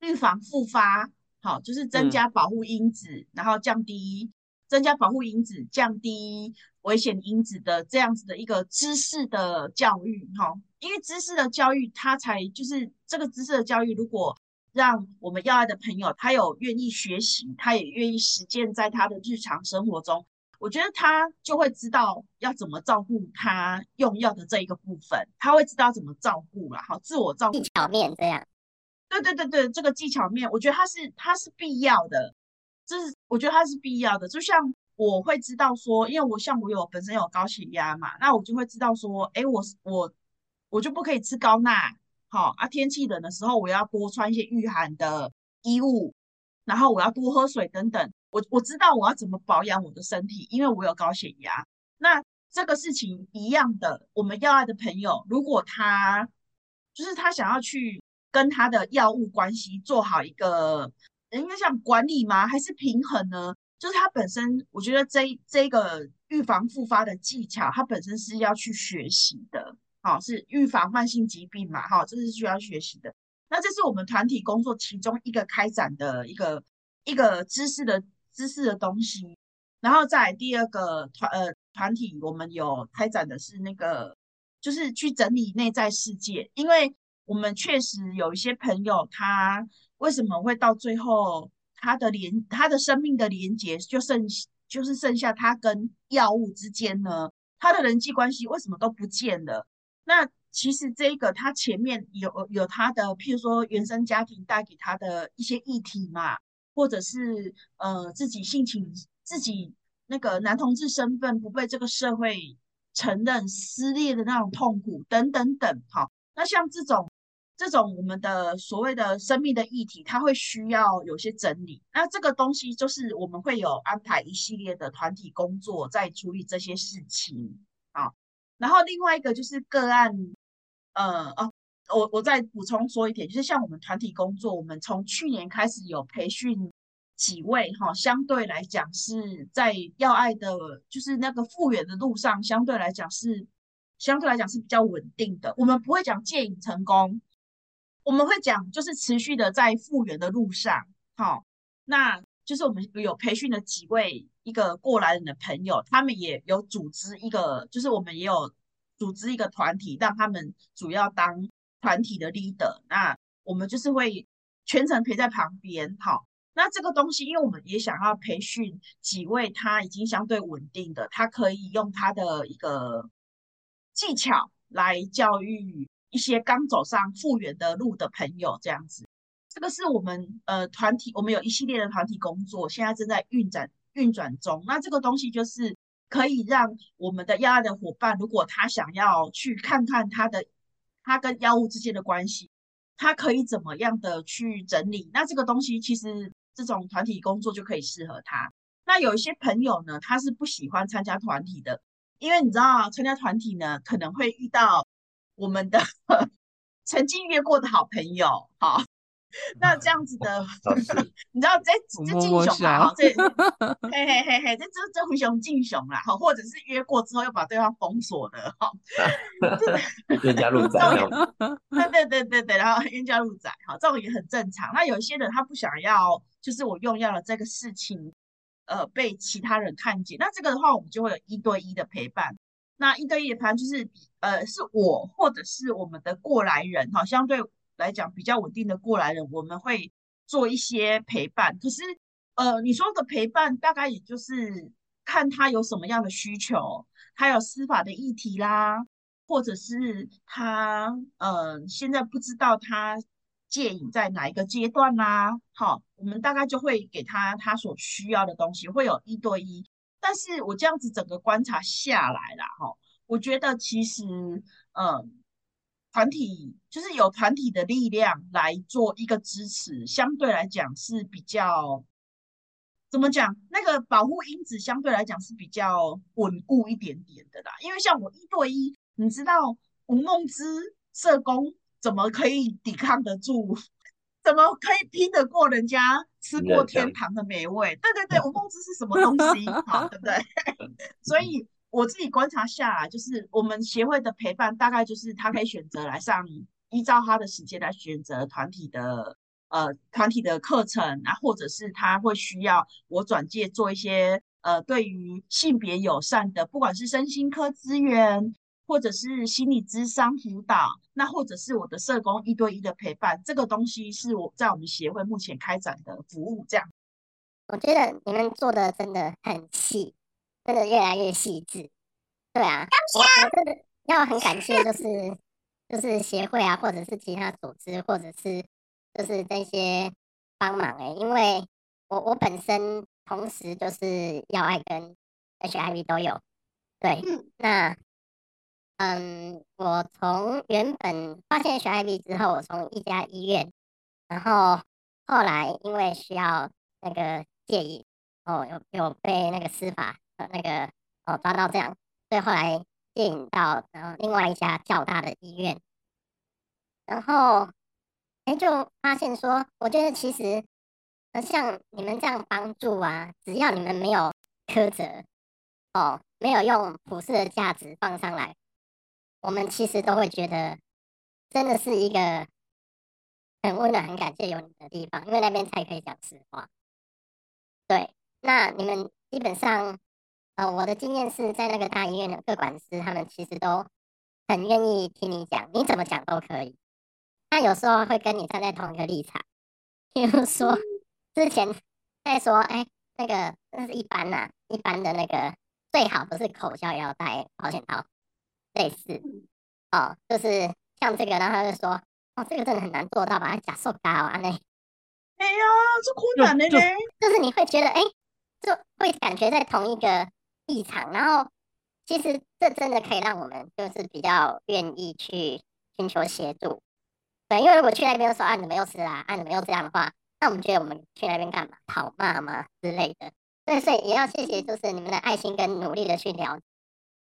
預防復發，好，就是增加保護因子，嗯、然後降低增加保護因子，降低危險因子的這樣子的一個知識的教育，哈，因為知識的教育，他才就是這個知識的教育，如果讓我們要愛的朋友，他有願意學習，他也願意實踐在他的日常生活中。我覺得他就會知道要怎麼照顧他用藥的這一個部分，他會知道怎麼照顧啦。好，自我照顧技巧面這樣。對對對對，這個技巧面，我覺得它是它是必要的，就是我覺得它是必要的。就像我會知道說，因為我像我有本身有高血壓嘛，那我就會知道說，哎、欸，我我我就不可以吃高鈉。好、哦、啊，天氣冷的時候我要多穿一些御寒的衣物，然後我要多喝水等等。我我知道我要怎麼保養我的身體，因為我有高血壓。那這個事情一樣的，我們藥愛的朋友，如果他就是他想要去跟他的藥物關係做好一個，應該像管理嗎？還是平衡呢？就是他本身，我覺得這這一個預防復發的技巧，他本身是要去學習的。好、哦，是預防慢性疾病嘛？好、哦，這是需要學習的。那這是我們團體工作其中一個開展的一個一個知識的。知識的東西，然後再來第二個團呃團體，我們有開展的是那個，就是去整理內在世界，因為我們確實有一些朋友，他為什麼會到最後他的連他的生命的連結就剩就是剩下他跟藥物之間呢？他的人際關係為什麼都不見了？那其實這個他前面有有他的，譬如說原生家庭帶給他的一些議題嘛。或者是呃自己性情自己那個男同志身份不被這個社會承認、撕裂的那種痛苦等等等，好，那像這種這種我們的所謂的生命的議題，它會需要有些整理。那這個東西就是我們會有安排一系列的團體工作在處理這些事情啊。然後另外一個就是個案，呃。哦。我我再補充說一點，就是像我們團體工作，我們從去年開始有培訓幾位哈、哦，相對來講是在藥愛的，就是那個復原的路上，相對來講是相對來講是比較穩定的。我們不會講戒癮成功，我們會講就是持續的在復原的路上。好、哦，那就是我們有培訓的幾位一個過來人的朋友，他們也有組織一個，就是我們也有組織一個團體，讓他們主要當團體的 leader，那我們就是會全程陪在旁邊，好，那這個東西，因為我們也想要培訓幾位他已經相對穩定的，他可以用他的一個技巧來教育一些剛走上復原的路的朋友，這樣子。這個是我們呃團體，我們有一系列的團體工作，現在正在運轉運轉中。那這個東西就是可以讓我們的藥愛的夥伴，如果他想要去看看他的。他跟藥物之間的關係，他可以怎麼樣的去整理？那這個東西其實這種團體工作就可以適合他。那有一些朋友呢，他是不喜歡參加團體的，因為你知道啊，參加團體呢，可能會遇到我們的曾經約過的好朋友，哈。 那這樣子的，哦、 你知道這這進熊嘛？哦，這嘿 嘿嘿嘿，這這這熊進熊了，好，或者是約過之後又把對方封鎖的，好 就，冤家路窄。對 對對對對，然後冤家路窄，好，這種也很正常。那有些人他不想要，就是我用藥了這個事情，呃，被其他人看見。那這個的話，我們就會有一對一的陪伴。那一對一陪伴就是，呃，是我或者是我們的過來人，哈，相對。來講比較穩定的過來人，我們會做一些陪伴。可是，呃，你說的陪伴大概也就是看他有什麼樣的需求，他有司法的議題啦，或者是他，嗯、呃，現在不知道他戒癮在哪一個階段啦。好、哦，我們大概就會給他他所需要的東西，會有一對一。但是我這樣子整個觀察下來啦，哈、哦，我覺得其實，嗯、呃。團體就是有團體的力量來做一個支持，相對來講是比較怎麼講？那個保護因子相對來講是比較穩固一點點的啦。因為像我一對一，你知道吳孟姿社工怎麼可以抵抗得住？怎麼可以拼得過人家吃過天堂的美味？對對對，吳孟姿是什麼東西？ 好，對不對？ 所以。我自己觀察下來，就是我們協會的陪伴，大概就是他可以選擇來上，依照他的時間來選擇團體的呃團體的課程，啊，或者是他會需要我轉介做一些呃對於性別友善的，不管是身心科資源，或者是心理諮商輔導，那或者是我的社工一對一的陪伴，這個東西是我在我們協會目前開展的服務這樣。我覺得你們做的真的很細。真的越來越細緻，對啊，我真的要很感謝、就是，就是就是協會啊，或者是其他組織，或者是就是這些幫忙哎、欸，因為我我本身同時就是要愛跟 HIV 都有，對，嗯那嗯，我從原本發現 HIV 之後，我從一家醫院，然後後來因為需要那個建議，哦，有有被那個司法。呃，那個哦，抓到這樣，所以後來引到然後另外一家較大的醫院，然後哎就發現說，我覺得其實呃像你們這樣幫助啊，只要你們沒有苛責，哦，沒有用普世的價值放上來，我們其實都會覺得真的是一個很溫暖、很感謝有你的地方，因為那邊才可以講實話。對，那你們基本上。呃，我的經驗是在那個大醫院的個管師，他們其實都很願意聽你講，你怎麼講都可以。他有時候會跟你站在同一個立場，比如說之前在說，哎、欸，那個那是一般吶、啊，一般的那個最好不是口罩要戴保險套，類似哦、呃，就是像這個，然後他就說，哦，這個真的很難做到，把它假瘦高啊那，哎呀，這困難的嘞，就，就，就是你會覺得，哎、欸，就會感覺在同一個。異常，然後其實這真的可以讓我們就是比較願意去尋求協助，對，因為如果去那邊的時候，啊，你們有死啊，啊你們有這樣的話，那我們覺得我們去那邊幹嘛，討罵嗎之類的？對，所以也要謝謝，就是你們的愛心跟努力的去聊，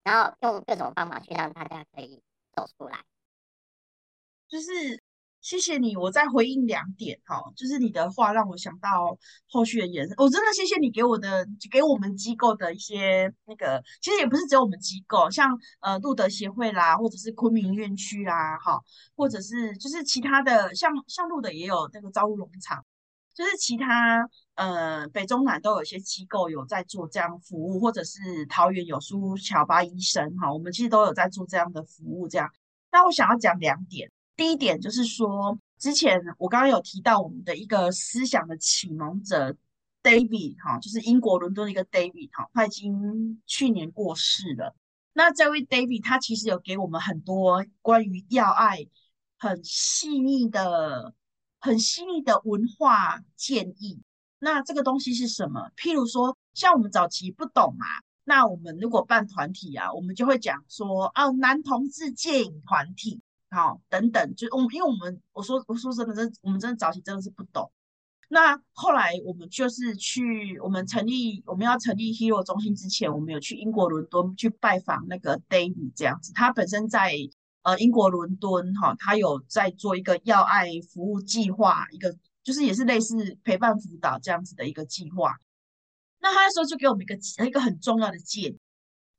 然後用各種方法去讓大家可以走出來，就是。謝謝你，我再回應兩點哈，就是你的話讓我想到後續的延伸，我、哦、真的謝謝你給我的，給我們機構的一些那個，其實也不是只有我們機構，像呃路德協會啦，或者是昆明院區啦，啊、哈，或者是就是其他的，像、像路德也有那個招務農場，就是其他呃北中南都有一些機構有在做這樣服務，或者是桃園有蘇喬巴醫生哈，我們其實都有在做這樣的服務這樣，那我想要講兩點。第一點就是說，之前我剛剛有提到我們的一個思想的啟蒙者 David 哈，就是英國倫敦的一個 David 哈，他已經去年過世了。那這位 David 他其實有給我們很多關於藥愛很細膩的、很細膩的文化建議。那這個東西是什麼？譬如說，像我們早期不懂嘛、啊，那我們如果辦團體啊，我們就會講說，哦、啊，男同志戒癮團體。好、哦，等等，就我、嗯、因為我們，我說我說真的，真我們真的早期真的是不懂。那後來我們就是去，我們成立，我們要成立 Hero 中心之前，我們有去英國倫敦去拜訪那個 David 這樣子。他本身在呃英國倫敦哈、哦，他有在做一個藥愛服務計劃，一個就是也是類似陪伴輔導這樣子的一個計劃。那他那時候就給我們一個一個很重要的建議，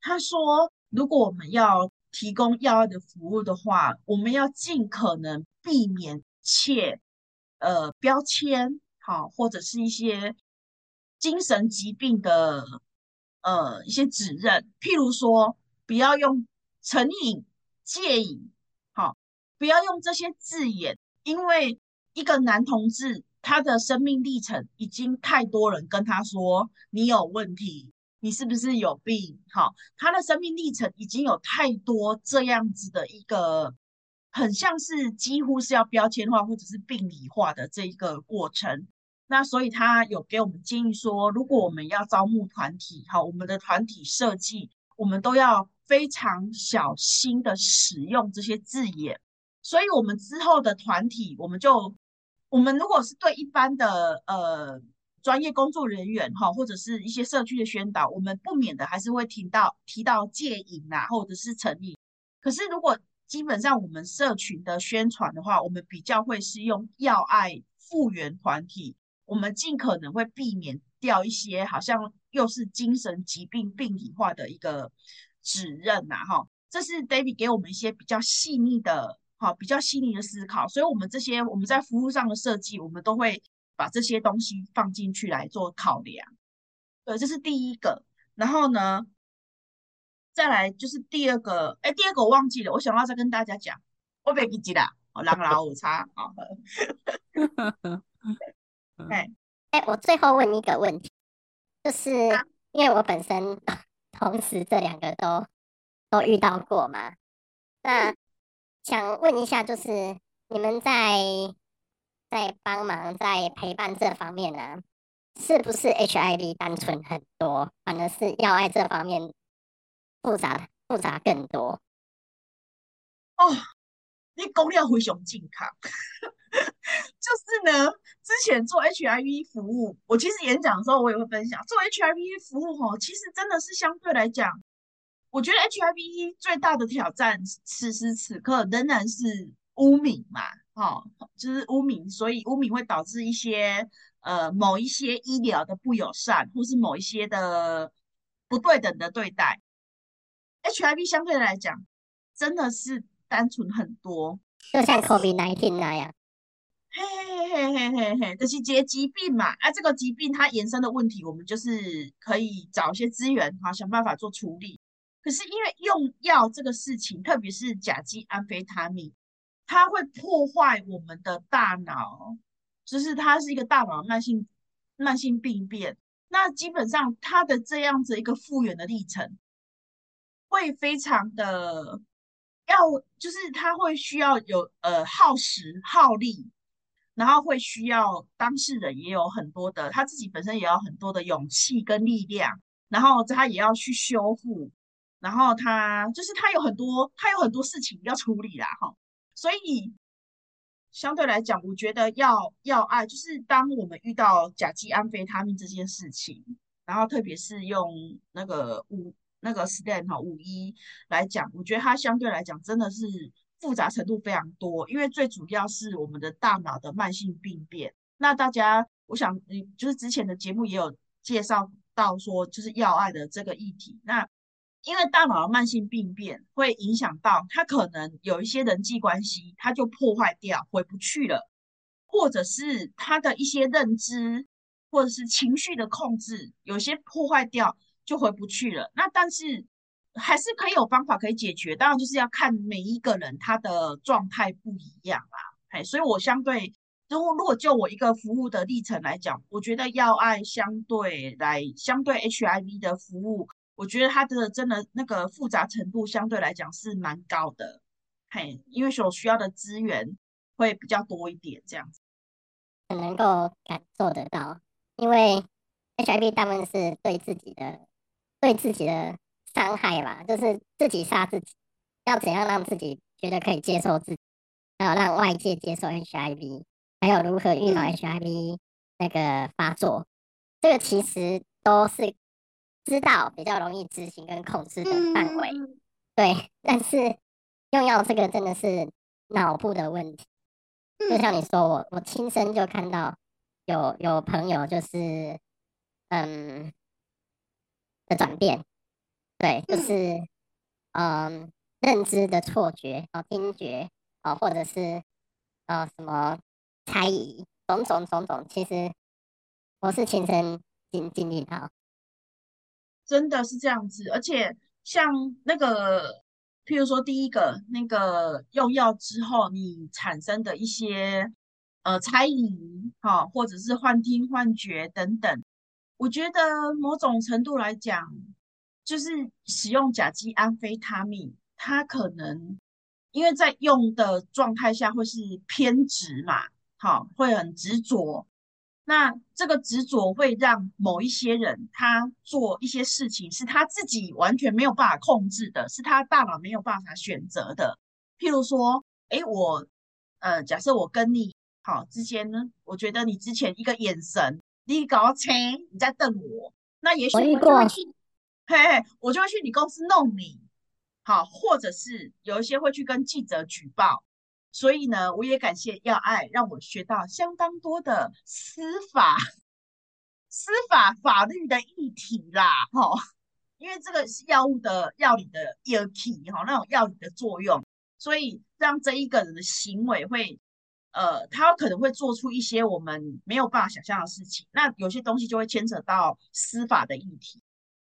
他說如果我們要。提供藥愛的服務的話，我們要盡可能避免切，呃，標籤好、哦，或者是一些精神疾病的呃一些指認，譬如說，不要用成癮、戒癮，好、哦，不要用這些字眼，因為一個男同志他的生命歷程已經太多人跟他說你有問題。你是不是有病？好，他的生命歷程已經有太多這樣子的一個，很像是幾乎是要標籤化或者是病理化的這一個過程。那所以他有給我們建議說，如果我們要招募團體，好，我們的團體設計，我們都要非常小心的使用這些字眼。所以，我們之後的團體，我們就，我們如果是對一般的，呃，專業工作人員哈，或者是一些社區的宣導，我們不免的還是會聽到提到戒癮啊，或者是成癮。可是如果基本上我們社群的宣傳的話，我們比較會是用藥愛復原團體，我們儘可能會避免掉一些好像又是精神疾病病理化的一個指認吶、啊、哈。這是 David 給我們一些比較細膩的，比較細膩的思考。所以，我們這些我們在服務上的設計，我們都會。把這些東西放進去來做考量，對，這是第一個。然後呢，再來就是第二個，哎、欸，第二個我忘記了，我想要再跟大家講，我別記了，我人老有差。好，我最後問一個問題，就是，啊、因為我本身同時這兩個都都遇到過嘛，那想問一下，就是你們在。在幫忙、在陪伴這方面呢、啊，是不是 HIV 單純很多，反而是藥愛這方面複雜複雜更多哦。你狗要灰熊健康， 就是呢。之前做 HIV 服務，我其實演講的時候我也會分享，做 HIV 服務哈、哦，其實真的是相對來講，我覺得 HIV 最大的挑戰，此時此刻仍然是污名嘛，哦，就是污名，所以污名會導致一些呃某一些醫療的不友善，或是某一些的不對等的對待。HIV 相對來講真的是單純很多，就像 COVID-19 那樣，嘿嘿、啊、嘿嘿嘿嘿，就是、這是些疾病嘛，啊，這個疾病它延伸的問題，我們就是可以找一些資源，好想辦法做處理。可是因為用藥這個事情，特別是甲基安非他命。它會破壞我們的大腦，就是它是一個大腦慢性慢性病變。那基本上它的這樣子一個復原的歷程，會非常的要，就是它會需要有呃耗時耗力，然後會需要當事人也有很多的，他自己本身也有很多的勇氣跟力量，然後他也要去修復，然後他就是他有很多他有很多事情要處理啦，哈。所以，相對來講，我覺得要要愛，就是當我們遇到甲基安非他命這件事情，然後特別是用那個五那個 stand 哈五一來講，我覺得它相對來講真的是複雜程度非常多，因為最主要是我們的大腦的慢性病變。那大家，我想，嗯，就是之前的節目也有介紹到說，就是要愛的這個議題。那因為大腦的慢性病變會影響到他，可能有一些人際關係，他就破壞掉，回不去了；或者是他的一些認知，或者是情緒的控制，有些破壞掉，就回不去了。那但是還是可以有方法可以解決，當然就是要看每一個人他的狀態不一樣啦。所以我相對，如果如果就我一個服務的歷程來講，我覺得藥愛相對來，相對 HIV 的服務。我覺得它的真的那個複雜程度相對來講是蠻高的，嘿，因為所需要的資源會比較多一點，這樣子。很能夠感受得到，因為 HIV 大部分是對自己的對自己的傷害吧，就是自己殺自己，要怎樣讓自己覺得可以接受自己，還有讓外界接受 HIV，還有如何預防 HIV 那個發作，這個其實都是。知道比較容易執行跟控制的範圍，嗯、對，但是用藥這個真的是腦部的問題。嗯、就像你說，我我親身就看到有有朋友就是嗯的轉變，對，就是嗯，嗯認知的錯覺啊、聽覺啊，或者是呃、啊、什麼猜疑，種種種種，其實我是親身經經歷到。真的是這樣子，而且像那個，譬如說第一個那個用藥之後，你產生的一些呃猜疑，哈、哦，或者是幻聽、幻覺等等，我覺得某種程度來講，就是使用甲基安非他命，它可能因為在用的狀態下會是偏執嘛，好、哦，會很執着那這個執着會讓某一些人他做一些事情是他自己完全沒有辦法控制的，是他大腦沒有辦法選擇的。譬如說，誒、欸、我，呃，假設我跟你好之間呢，我覺得你之前一個眼神，你搞清，你在瞪我，那也許我就會去，嘿嘿，我就會去你公司弄你。好，或者是有一些會去跟記者舉報。所以呢，我也感謝藥愛讓我學到相當多的司法、司法法律的議題啦，哈、哦。因為這個是藥物的藥理的藥體哈，那種藥理的作用，所以讓這一個人的行為會，呃，他可能會做出一些我們沒有辦法想象的事情。那有些東西就會牽扯到司法的議題，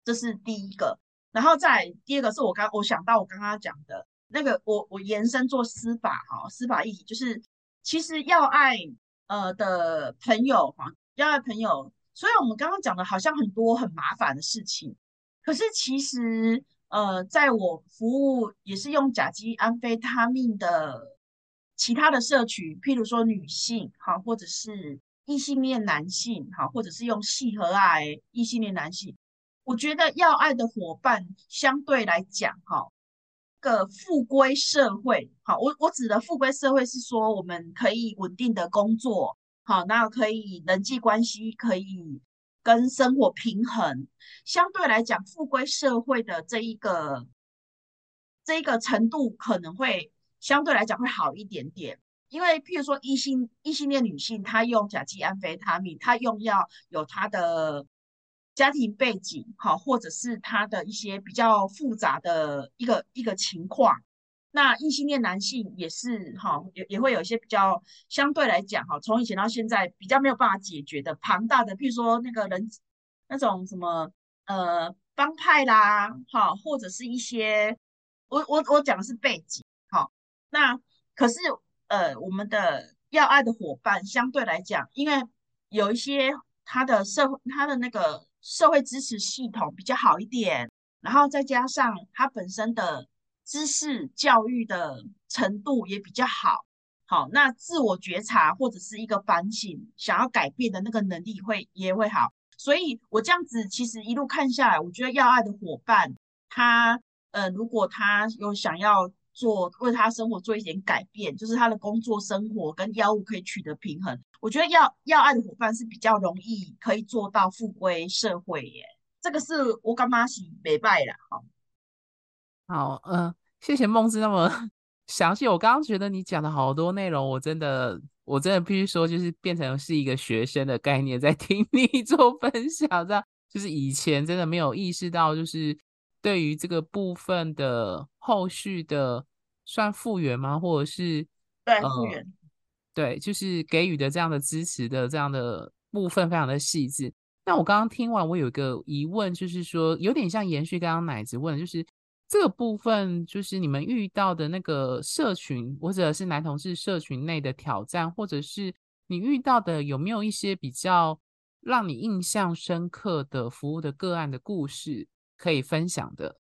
這是第一個。然後再第二個是我剛我想到我剛剛講的。那個我我延伸做司法哈，司法議題就是其實藥愛呃的朋友哈，藥愛朋友，所以我們剛剛講的好像很多很麻煩的事情，可是其實呃，在我服務也是用甲基安非他命的其他的社群，譬如說女性哈，或者是異性戀男性哈，或者是用細和愛異性戀男性，我覺得藥愛的夥伴相對來講哈。個復歸社會，好，我我指的復歸社會是說我們可以穩定的工作，好，那可以人際關係可以跟生活平衡，相對來講復歸社會的這一個這一個程度可能會相對來講會好一點點，因為譬如說異性異性戀女性她用甲基安非他命，她用藥有她的。家庭背景，好，或者是他的一些比較複雜的一個一個情況，那異性戀男性也是，哈，也也會有一些比較相對來講，哈，從以前到現在比較沒有辦法解決的龐大的，譬如說那個人那種什麼呃幫派啦，哈，或者是一些，我我我講的是背景，哈，那可是呃，我們的藥愛的夥伴相對來講，因為有一些他的社會他的那個。社會支持系統比較好一點，然後再加上他本身的知識教育的程度也比較好，好，那自我覺察或者是一個反省，想要改變的那個能力會也會好，所以我這樣子其實一路看下來，我覺得藥愛的夥伴，他，呃，如果他有想要。做為他生活做一點改變，就是他的工作生活跟藥物可以取得平衡。我覺得藥藥愛的夥伴是比較容易可以做到復歸社會耶。這個是我跟媽是沒拜的，好。好，嗯，謝謝孟姿那麼詳細。我剛剛覺得你講的好多內容，我真的，我真的必須說，就是變成是一個學生的概念在聽你做分享，這樣就是以前真的沒有意識到，就是對於這個部分的後續的。算復原嗎？或者是對、呃、復原，對，就是給予的這樣的支持的這樣的部分非常的細緻。那我剛剛聽完，我有一個疑問，就是說有點像延續剛剛奶子問，就是這個部分，就是你們遇到的那個社群，或者是男同志社群內的挑戰，或者是你遇到的有沒有一些比較讓你印象深刻的服務的個案的故事可以分享的？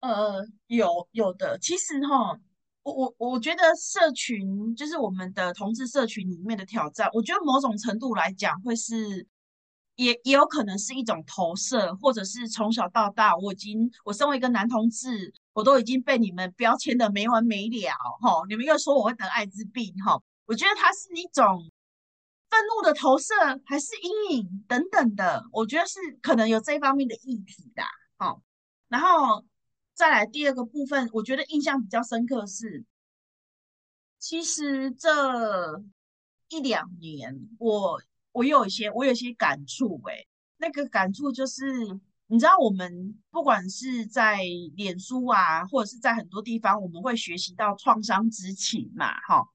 呃，有有的，其實哈。我我我覺得社群就是我們的同志社群裡面的挑戰，我覺得某種程度來講會是，也也有可能是一種投射，或者是從小到大我已經我身為一個男同志，我都已經被你們標籤的沒完沒了哈、哦，你們又說我會得艾滋病哈、哦，我覺得它是一種憤怒的投射，還是陰影等等的，我覺得是可能有這一方面的議題的，好、哦，然後。再來第二個部分，我覺得印象比較深刻是，其實這一兩年，我我有一些我有一些感觸、欸，哎，那個感觸就是，你知道我們不管是在臉書啊，或者是在很多地方，我們會學習到創傷知情嘛，哈、哦，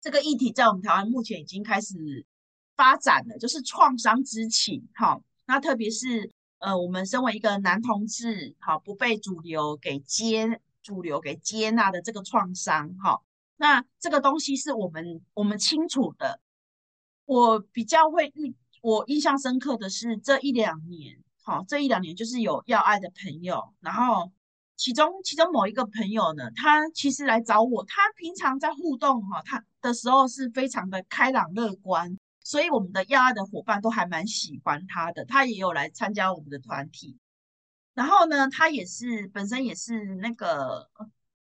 這個議題在我們台灣目前已經開始發展了，就是創傷知情，哈、哦，那特別是。呃，我們身為一個男同志，好，不被主流給接主流給接納的這個創傷，哈、哦，那這個東西是我們我們清楚的。我比較會遇，我印象深刻的是這一兩年，好、哦、這一兩年就是有藥愛的朋友，然後其中其中某一個朋友呢，他其實來找我，他平常在互動哈、哦，他的時候是非常的開朗樂觀。所以我們的藥愛的夥伴都還蠻喜歡他的，他也有來參加我們的團體。然後呢，他也是本身也是那個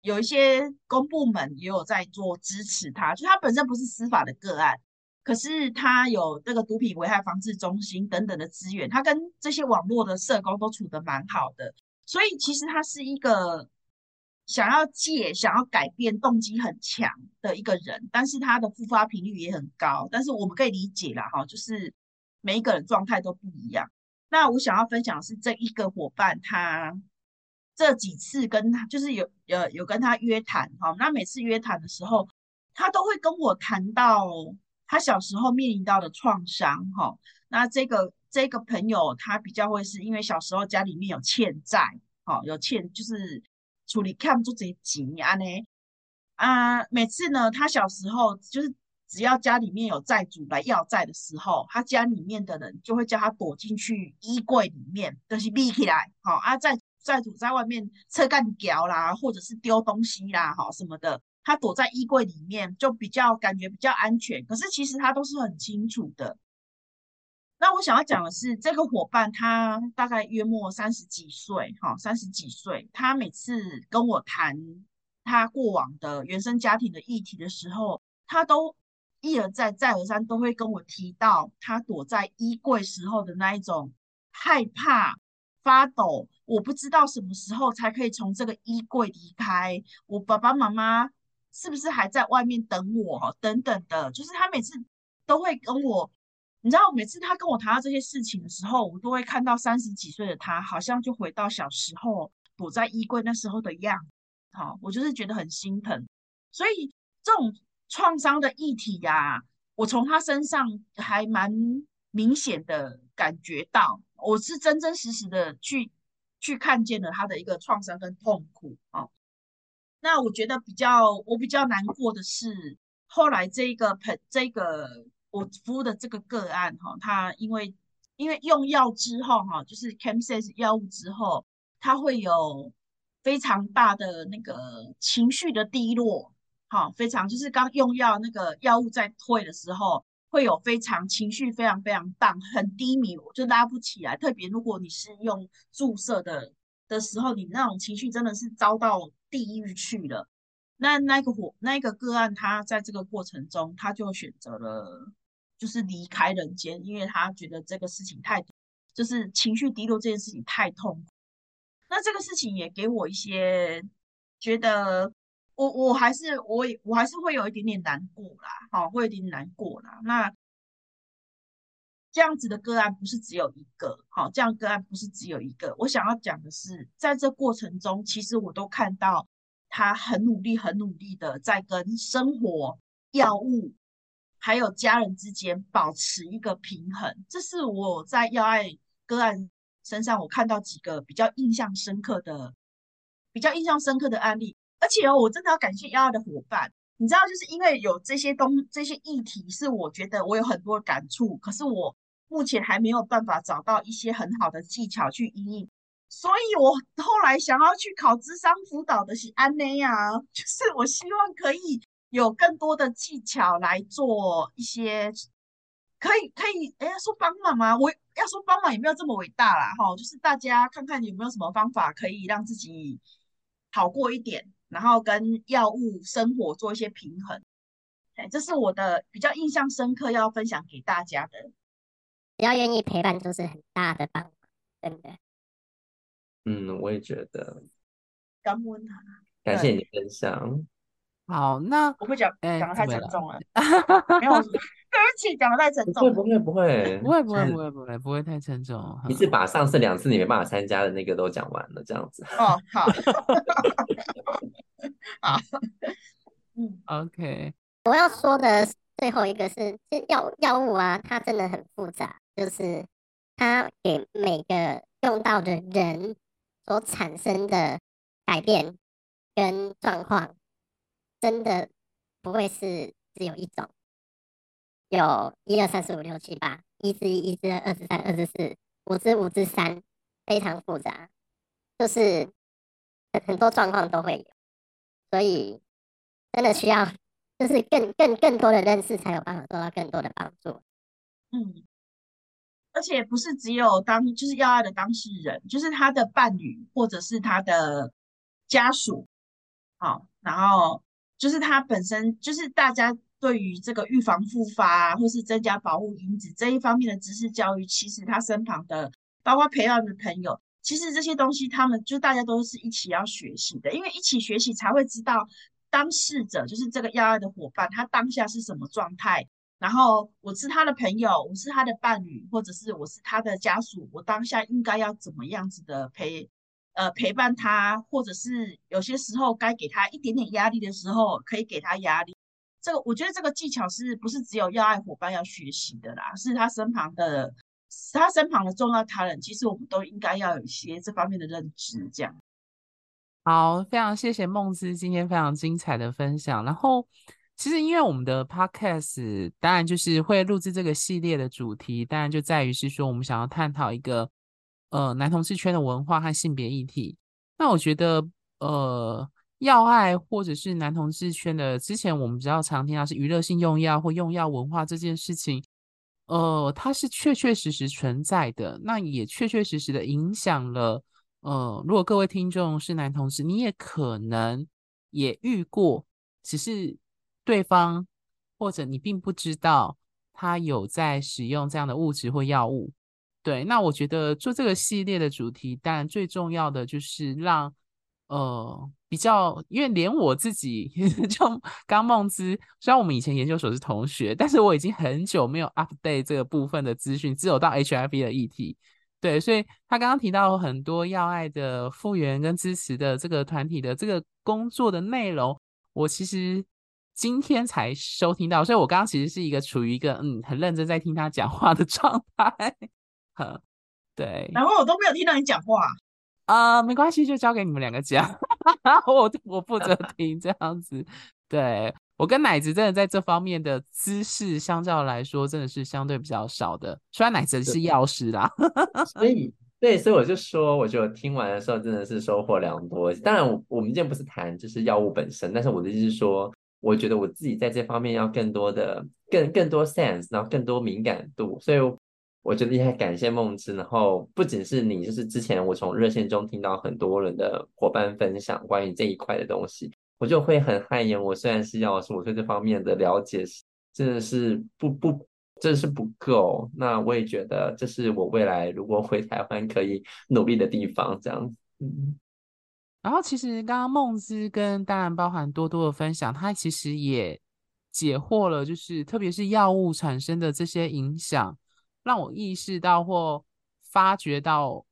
有一些公部門也有在做支持他，就他本身不是司法的個案，可是他有那個毒品危害防治中心等等的資源，他跟這些網絡的社工都處得蠻好的，所以其實他是一個。想要戒、想要改變動機很強的一個人，但是他的復發頻率也很高。但是我們可以理解啦，哈，就是每一個人狀態都不一樣。那我想要分享的是這一個夥伴，他這幾次跟他就是有、有、有跟他約談，哈，那每次約談的時候，他都會跟我談到他小時候面臨到的創傷，哈。那這個這個朋友他比較會是因為小時候家裡面有欠債，哈，有欠就是。處理看不住這些錢安呢？啊，每次呢，他小時候就是只要家裡面有債主來要債的時候，他家裡面的人就會叫他躲進去衣櫃裡面，東西立起來。好、哦、啊，在債主在外面扯幹譙啦，或者是丟東西啦，哈、哦，什麼的，他躲在衣櫃裡面就比較感覺比較安全。可是其實他都是很清楚的。那我想要講的是，這個夥伴他大概約莫三十幾歲，齁，三十幾歲。他每次跟我談他過往的原生家庭的議題的時候，他都一而再、再而三都會跟我提到他躲在衣櫃時候的那一種害怕、發抖。我不知道什麼時候才可以從這個衣櫃離開。我爸爸媽媽是不是還在外面等我？等等的，就是他每次都會跟我。你知道，每次他跟我談到這些事情的時候，我都會看到三十幾歲的他，好像就回到小時候躲在衣櫃那時候的樣子。好、哦，我就是覺得很心疼。所以這種創傷的議題呀、啊，我從他身上還蠻明顯的感覺到，我是真真實實的去去看見了他的一個創傷跟痛苦哦，那我覺得比較我比較難過的是，後來這個朋這個。我服務的這個個案哈，他因為因為用藥之後哈，就是 chemsex 藥物之後，他會有非常大的那個情緒的低落，好，非常就是剛用藥那個藥物在退的時候，會有非常情緒非常非常盪，很低迷，就拉不起來。特別如果你是用注射的的時候，你那種情緒真的是遭到地獄去了。那那個那一個個案，他在這個過程中，他就選擇了。就是離開人間，因為他覺得這個事情太，就是情緒低落這件事情太痛苦。那這個事情也給我一些覺得我，我我還是我我還是會有一點點難過啦，好、哦，會有點難過啦，那這樣子的個案不是只有一個，好、哦，這樣個案不是只有一個。我想要講的是，在這過程中，其實我都看到他很努力、很努力的在跟生活藥物還有家人之間保持一個平衡，這是我在藥愛個案身上，我看到幾個比較印象深刻的，比較印象深刻的案例。而且哦，我真的要感謝藥愛的夥伴，你知道，就是因為有這些東、這些議題，是我覺得我有很多感觸，可是我目前還沒有辦法找到一些很好的技巧去應應，所以我後來想要去考諮商輔導的是安奈啊，就是我希望可以。有更多的技巧來做一些可，可以可以，哎，說幫忙嗎、啊？我要說幫忙也沒有這麼偉大啦。哈、哦，就是大家看看有沒有什麼方法可以讓自己好過一點，然後跟藥物生活做一些平衡。哎，這是我的比較印象深刻要分享給大家的，只要願意陪伴，都是很大的幫忙，對不對？嗯，我也覺得。感恩他。感謝你分享。好，那我不講講的、欸、太沉重了，沒有，對不起，講的太沉重。不會，不會，不會，就是、不會，不會，不會，不會，不會太沉重。你是把上次兩次你沒辦法參加的那個都講完了，這樣子。哦，好， 好，o Okay k 我要說的最後一個是，這藥藥物啊，它真的很複雜，就是它給每個用到的人所產生的改變跟狀況。真的不會是只有一種，有一二三四五六七八，一之一，一之二，二之三，二之四，五之五之三，非常複雜，就是很很多狀況都會有，所以真的需要就是更更更多的認識，才有辦法得到更多的幫助。嗯，而且不是只有當就是要愛的當事人，就是他的伴侶或者是他的家屬，好、哦，然後。就是他本身，就是大家對於這個預防復發、啊、或是增加保護因子這一方面的知識教育，其實他身旁的，包括陪伴的朋友，其實這些東西，他們就大家都是一起要學習的，因為一起學習才會知道當事者就是這個藥愛的夥伴，他當下是什麼狀態，然後我是他的朋友，我是他的伴侶，或者是我是他的家屬，我當下應該要怎麼樣子的陪。呃，陪伴他，或者是有些時候該給他一點點壓力的時候，可以給他壓力。這個我覺得這個技巧是不是只有要愛伙伴要學習的啦？是他身旁的，他身旁的重要他人，其實我們都應該要有一些這方面的認知。這樣，好，非常謝謝孟姿今天非常精彩的分享。然後，其實因為我們的 Podcast，當然就是會錄製這個系列的主題，當然就在於是說我們想要探討一個。呃，男同志圈的文化和性別議題，那我覺得，呃，藥愛或者是男同志圈的，之前我們比較常聽到是娛樂性用藥或用藥文化這件事情，呃，它是確確實實存在的，那也確確實實的影響了。呃，如果各位聽眾是男同志，你也可能也遇過，只是對方或者你並不知道他有在使用這樣的物質或藥物。對，那我覺得做這個系列的主題，當然最重要的就是讓呃比較，因為連我自己，呵呵就剛孟姿，雖然我們以前研究所是同學，但是我已經很久沒有 update 這個部分的資訊，只有到 HIV 的議題。對，所以他剛剛提到很多藥愛的復原跟支持的這個團體的這個工作的內容，我其實今天才收聽到，所以我剛剛其實是一個處於一個嗯很認真在聽他講話的狀態。呵對，然後我都沒有聽到你講話啊、呃！沒關係，就交給你們兩個講， 我我負責聽 這樣子。對我跟奶子真的在這方面的知識，相較來說，真的是相對比較少的。雖然奶子是藥師啦，所以對，所以我就說，我覺得我聽完的時候真的是收穫良多。 當然，我們今天不是談就是藥物本身，但是我的意思說，我覺得我自己在這方面要更多的更更多 sense，然後更多敏感度，所以我。我覺得應感謝孟姿，然後不僅是你，就是之前我從熱線中聽到很多人的夥伴分享關於這一塊的東西，我就會很汗顏。我雖然是藥師，我對這方面的了解是真的是不不，真的是不夠。那我也覺得這是我未來如果回台灣可以努力的地方。這樣子，嗯。然後其實剛剛孟姿跟當然包含多多的分享，他其實也解惑了，就是特別是藥物產生的這些影響。讓我意識到或發覺到，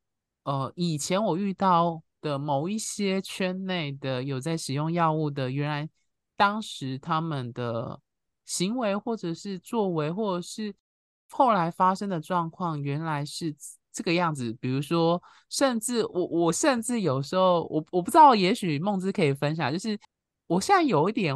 呃，以前我遇到的某一些圈內的有在使用藥物的，原來當時他們的行為或者是作為，或者是後來發生的狀況，原來是這個樣子。比如說，甚至我我甚至有時候我我不知道，也許孟姿可以分享，就是我現在有一點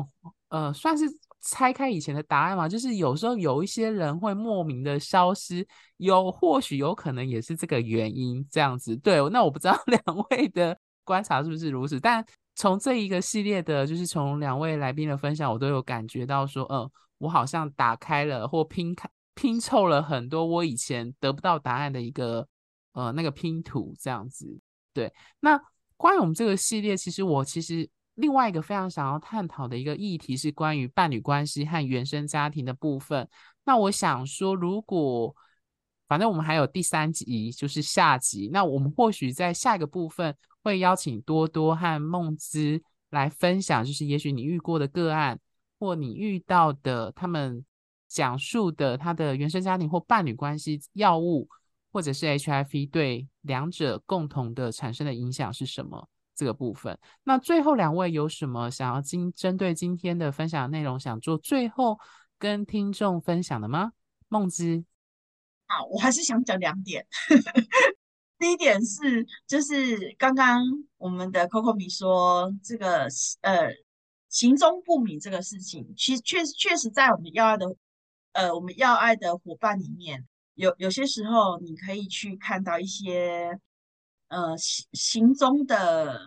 呃，算是。拆開以前的答案嘛，就是有時候有一些人會莫名的消失，有或許有可能也是這個原因這樣子。對，那我不知道兩位的觀察是不是如此，但從這一個系列的，就是從兩位來賓的分享，我都有感覺到說，嗯、呃，我好像打開了或拼開拼湊了很多我以前得不到答案的一個呃那個拼圖這樣子。對，那關於我們這個系列，其實我其實。另外一個非常想要探討的一個議題是關於伴侶關係和原生家庭的部分。那我想說，如果反正我們還有第三集，就是下集，那我們或許在下一個部分會邀請多多和孟姿來分享，就是也許你遇過的個案，或你遇到的他們講述的他的原生家庭或伴侶關係，藥物或者是 HIV 對兩者共同的產生的影響是什麼？這個部分，那最後兩位有什麼想要今針對今天的分享的內容想做最後跟聽眾分享的嗎？孟姿，啊，我還是想講兩點。 第一點是，就是剛剛我們的 Coco 米說這個呃行蹤不明這個事情，其實確確實在我們藥愛的呃我們藥愛的夥伴裡面，有有些時候你可以去看到一些。呃，行行蹤的，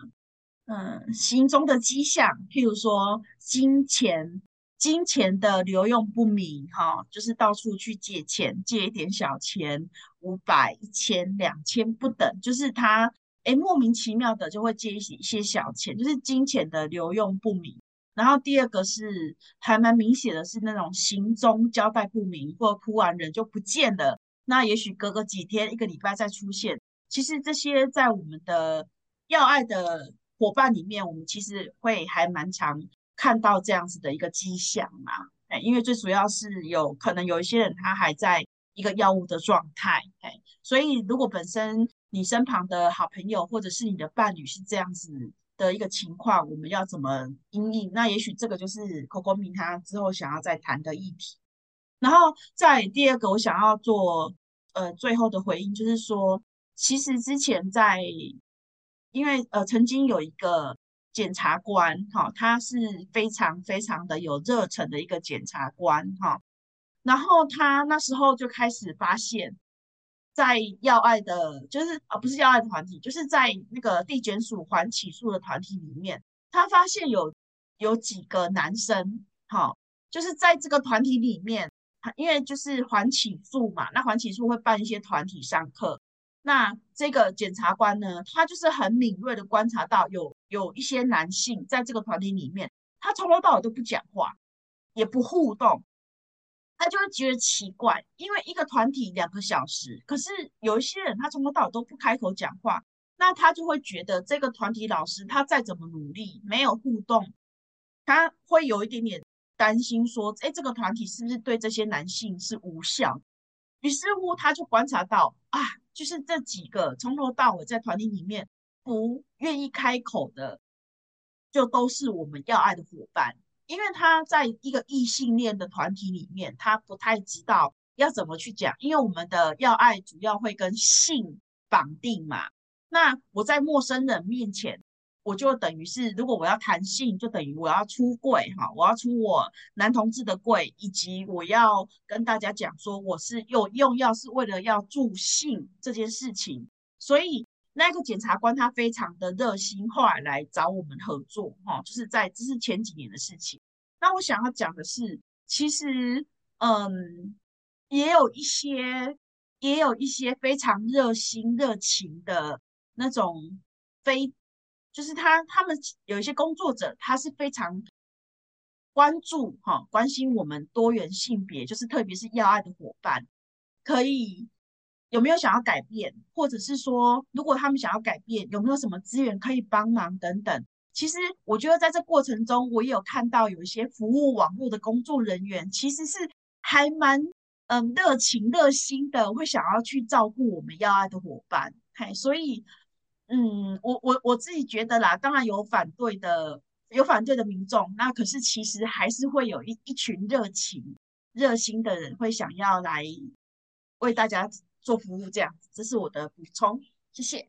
嗯、呃，行蹤的跡象，譬如說金錢，金錢的流用不明，哈、哦，就是到處去借錢，借一點小錢，五百、一千、兩千不等，就是他誒，莫名其妙的就會借一些小錢，就是金錢的流用不明。然後第二個是還蠻明顯的，是那種行蹤交代不明，或哭完人就不見了，那也許隔個幾天、一個禮拜再出現。其實這些在我們的藥愛的夥伴裡面，我們其實會還蠻常看到這樣子的一個跡象嘛，哎，因為最主要是有可能有一些人他還在一個藥物的狀態，哎，所以如果本身你身旁的好朋友或者是你的伴侶是這樣子的一個情況，我們要怎麼因應？那也許這個就是 Coco Min 他之後想要再談的議題。然後在第二個，我想要做呃最後的回應，就是說。其實之前在，因為呃，曾經有一個檢察官哈、哦，他是非常非常的有熱忱的一個檢察官哈、哦。然後他那時候就開始發現，在藥愛的，就是啊、哦，不是藥愛的團體，就是在那個地檢署緩起訴的團體裡面，他發現有有幾個男生哈、哦，就是在這個團體裡面，因為就是緩起訴嘛，那緩起訴會辦一些團體上課。那這個檢察官呢，他就是很敏銳的觀察到有，有有一些男性在這個團體裡面，他從頭到尾都不講話，也不互動，他就會覺得奇怪，因為一個團體兩個小時，可是有一些人他從頭到尾都不開口講話，那他就會覺得這個團體老師他再怎麼努力，沒有互動，他會有一點點擔心說，哎、欸，這個團體是不是對這些男性是無效？於是乎，他就觀察到啊。就是這幾個從頭到尾在團體裡面不願意開口的，就都是我們藥愛的夥伴，因為他在一個異性戀的團體裡面，他不太知道要怎麼去講，因為我們的藥愛主要會跟性綁定嘛。那我在陌生人面前。我就等於是，如果我要談性，就等於我要出櫃哈，我要出我男同志的櫃，以及我要跟大家講說，我是有用用藥是為了要助性這件事情。所以那個檢察官他非常的熱心，後來來找我們合作哈，就是在這是前幾年的事情。那我想要講的是，其實嗯，也有一些也有一些非常熱心熱情的那種非。就是他，他們有一些工作者，他是非常關注哈、哦、關心我們多元性別，就是特別是要愛的夥伴，可以有沒有想要改變，或者是說，如果他們想要改變，有沒有什麼資源可以幫忙等等。其實我覺得在這過程中，我也有看到有一些服務網絡的工作人員，其實是還蠻嗯熱情熱心的，會想要去照顧我們要愛的夥伴，嘿，所以。嗯，我我我自己覺得啦，當然有反對的，有反對的民眾，那可是其實還是會有一一群熱情、熱心的人會想要來為大家做服務，這樣，這是我的補充。謝謝。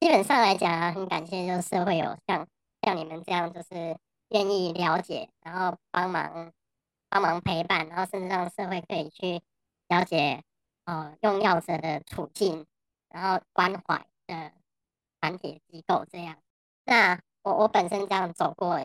基本上來講，很感謝就是社會有、哦、像像你們這樣，就是願意了解，然後幫忙幫忙陪伴，然後甚至讓社會可以去了解呃用藥者的處境，然後關懷的。團體機構這樣，那我我本身這樣走過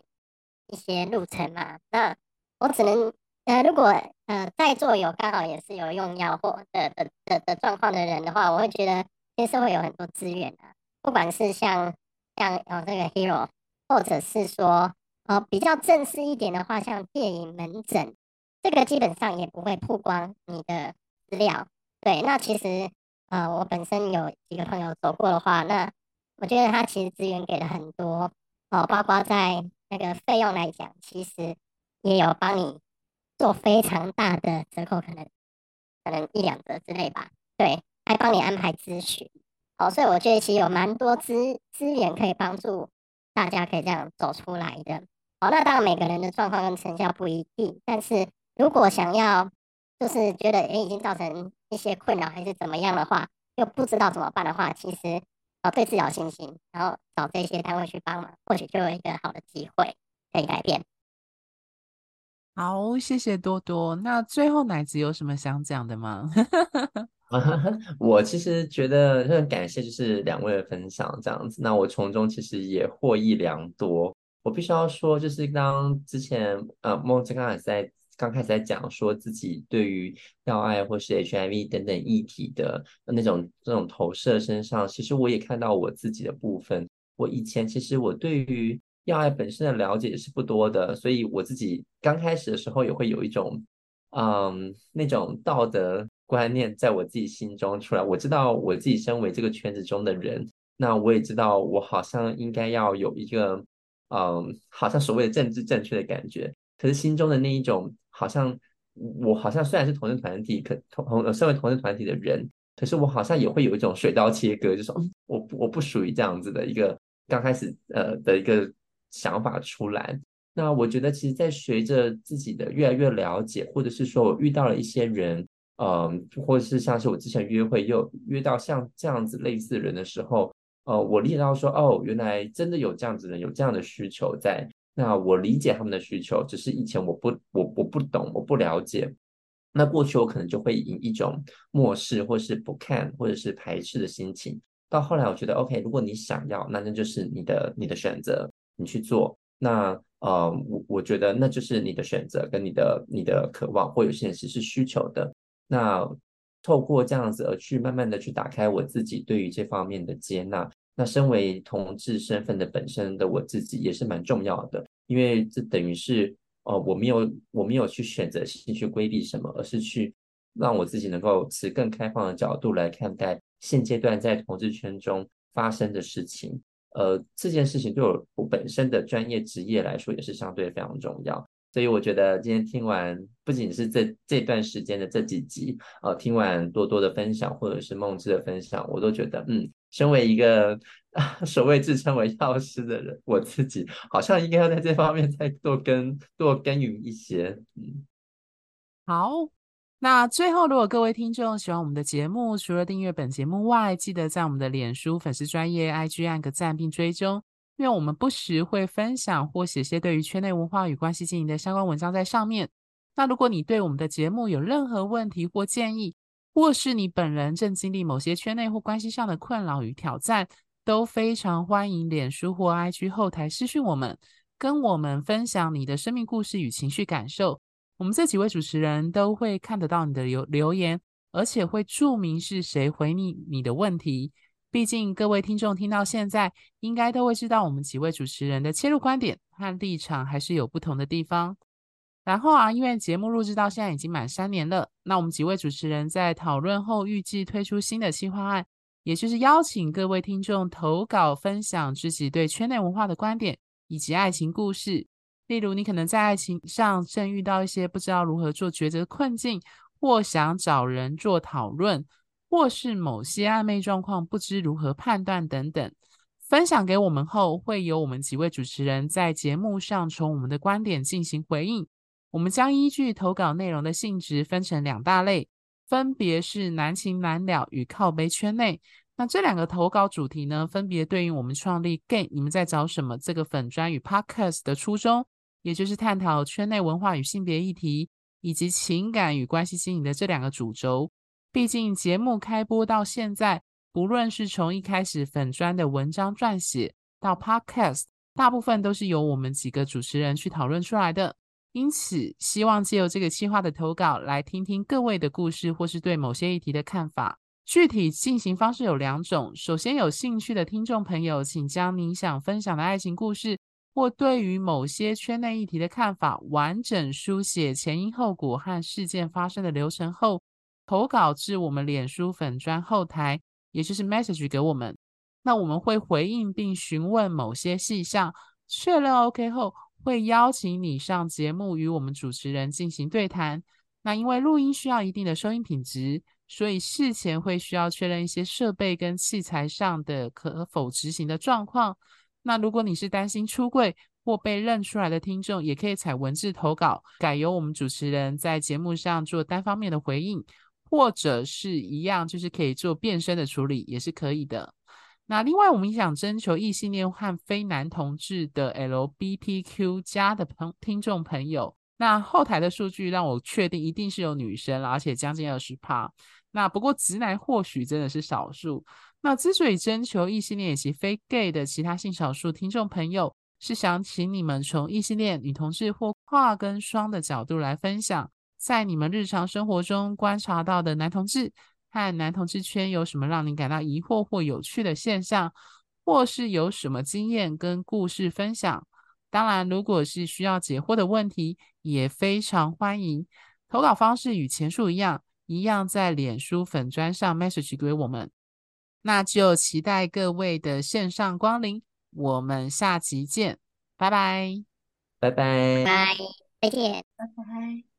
一些路程嘛，那我只能呃，如果呃在座有剛好也是有用藥或的的的的狀況的人的話，我會覺得其實會有很多資源啊，不管是像像呃這個 Hero，或者是說呃比較正式一點的話，像戒癮門診，這個基本上也不會曝光你的資料。對，那其實呃我本身有幾個朋友走過的話，那我覺得他其實資源給了很多哦，包括在那個費用來講，其實也有幫你做非常大的折扣，可能可能一兩折之類吧。對，還幫你安排諮詢哦，所以我覺得其實有蠻多資資源可以幫助大家，可以這樣走出來的哦。那當然每個人的狀況跟成效不一定，但是如果想要就是覺得誒已經造成一些困擾還是怎麼樣的話，又不知道怎麼辦的話，其實。對自己有信心，然後找這些單位去幫忙，或許就有一個好的機會可以改變。好，謝謝多多。那最後奶子有什麼想講的嗎？ 我其實覺得很感謝，就是兩位的分享這樣子。那我從中其實也獲益良多。我必須要說，就是剛剛之前呃，孟姿剛也在。剛開始在講說自己對於藥愛或是 HIV 等等議題的那種這種投射身上，其實我也看到我自己的部分。我以前其實我對於藥愛本身的了解是不多的，所以我自己剛開始的時候也會有一種，嗯，那種道德觀念在我自己心中出來。我知道我自己身為這個圈子中的人，那我也知道我好像應該要有一個，嗯，好像所謂的政治正確的感覺。可是心中的那一種。好像我好像雖然是同志團體，可同同身為同志團體的人，可是我好像也會有一種水刀切割，就是、說，我我不屬於這樣子的一個剛開始呃的一個想法出來。那我覺得，其實，在隨着自己的越來越了解，或者是說我遇到了一些人，嗯、呃，或者是像是我之前約會又約到像這樣子類似的人的時候，呃，我理解到說，哦，原來真的有這樣子人，有這樣的需求在。那我理解他們的需求，只是以前我不我我不懂我不了解，那過去我可能就會以一種漠視或是不看或者是排斥的心情。到後來我覺得，OK，如果你想要，那那就是你的你的選擇，你去做。那呃，我我覺得那就是你的選擇跟你的你的渴望，或有些事是需求的。那透過這樣子而去慢慢的去打開我自己對於這方面的接納。那身為同志身份的本身的我自己也是蠻重要的，因為這等於是，呃，我沒有我沒有去選擇性去規避什麼，而是去讓我自己能夠持更開放的角度來看待現階段在同志圈中發生的事情。呃，這件事情對我本身的專業職業來說也是相對非常重要。所以我覺得今天聽完，不僅是這這段時間的這幾集，呃，聽完多多的分享或者是孟姿的分享，我都覺得，嗯。身為一個、啊、所謂自稱為藥師的人，我自己好像應該要在這方面再多跟多耕耘一些。嗯，好，那最後，如果各位聽眾喜歡我們的節目，除了訂閱本節目外，記得在我們的臉書粉絲專頁 IG 按個讚並追蹤，因為我們不時會分享或寫些對於圈內文化與關係經營的相關文章在上面。那如果你對我們的節目有任何問題或建議，或是你本人正經歷某些圈內或關係上的困擾與挑戰，都非常歡迎臉書或 IG 後台私訊我們，跟我們分享你的生命故事與情緒感受。我們這幾位主持人都會看得到你的留留言，而且會註明是誰回你你的問題。畢竟各位聽眾聽到現在，應該都會知道我們幾位主持人的切入觀點和立場還是有不同的地方。然後啊，因為節目錄制到現在已經滿三年了，那我們幾位主持人在討論後，預計推出新的計劃案，也就是邀請各位聽眾投稿，分享自己對圈內文化的觀點以及愛情故事。例如，你可能在愛情上正遇到一些不知道如何做抉擇的困境，或想找人做討論，或是某些曖昧狀況不知如何判斷等等，分享給我們後，會有我們幾位主持人在節目上從我們的觀點進行回應。我們將依據投稿內容的性質分成兩大類，分別是男情難了與靠杯圈內。那這兩個投稿主題呢，分別對應我們創立 Gay 你們在找什麼這個粉專與 Podcast 的初衷，也就是探討圈內文化與性別議題，以及情感與關係經營的這兩個主軸。畢竟節目開播到現在，不論是從一開始粉專的文章撰寫到 Podcast，大部分都是由我們幾個主持人去討論出來的。因此，希望借由這個計劃的投稿，來聽聽各位的故事，或是對某些議題的看法。具體進行方式有兩種：首先，有興趣的聽眾朋友，請將您想分享的愛情故事，或對於某些圈內議題的看法，完整書寫前因後果和事件發生的流程後，投稿至我們臉書粉專後台，也就是 message 給我們。那我們會回應並詢問某些細項，確認 OK 後。會邀請你上節目與我們主持人進行對談。那因為錄音需要一定的收音品質，所以事前會需要確認一些設備跟器材上的可否執行的狀況。那如果你是擔心出櫃或被認出來的聽眾，也可以採文字投稿，改由我們主持人在節目上做單方面的回應，或者是一樣，就是可以做變聲的處理，也是可以的。那另外，我們也想徵求異性戀和非男同志的 LGBTQ 加的朋聽眾朋友。那後台的數據讓我確定，一定是有女生了，而且將近二十趴。那不過直男或許真的是少數。那之所以徵求異性戀以及非 gay 的其他性少數聽眾朋友，是想請你們從異性戀、女同志或跨跟雙的角度來分享，在你們日常生活中觀察到的男同志和男同志圈有什麼讓您感到疑惑或有趣的現象，或是有什麼經驗跟故事分享？當然，如果是需要解惑的問題，也非常歡迎。投稿方式與前述一樣，一樣在臉書粉專上 message 給我們。那就期待各位的線上光臨，我們下集見，拜拜，拜拜，拜再見，拜拜。拜拜拜拜。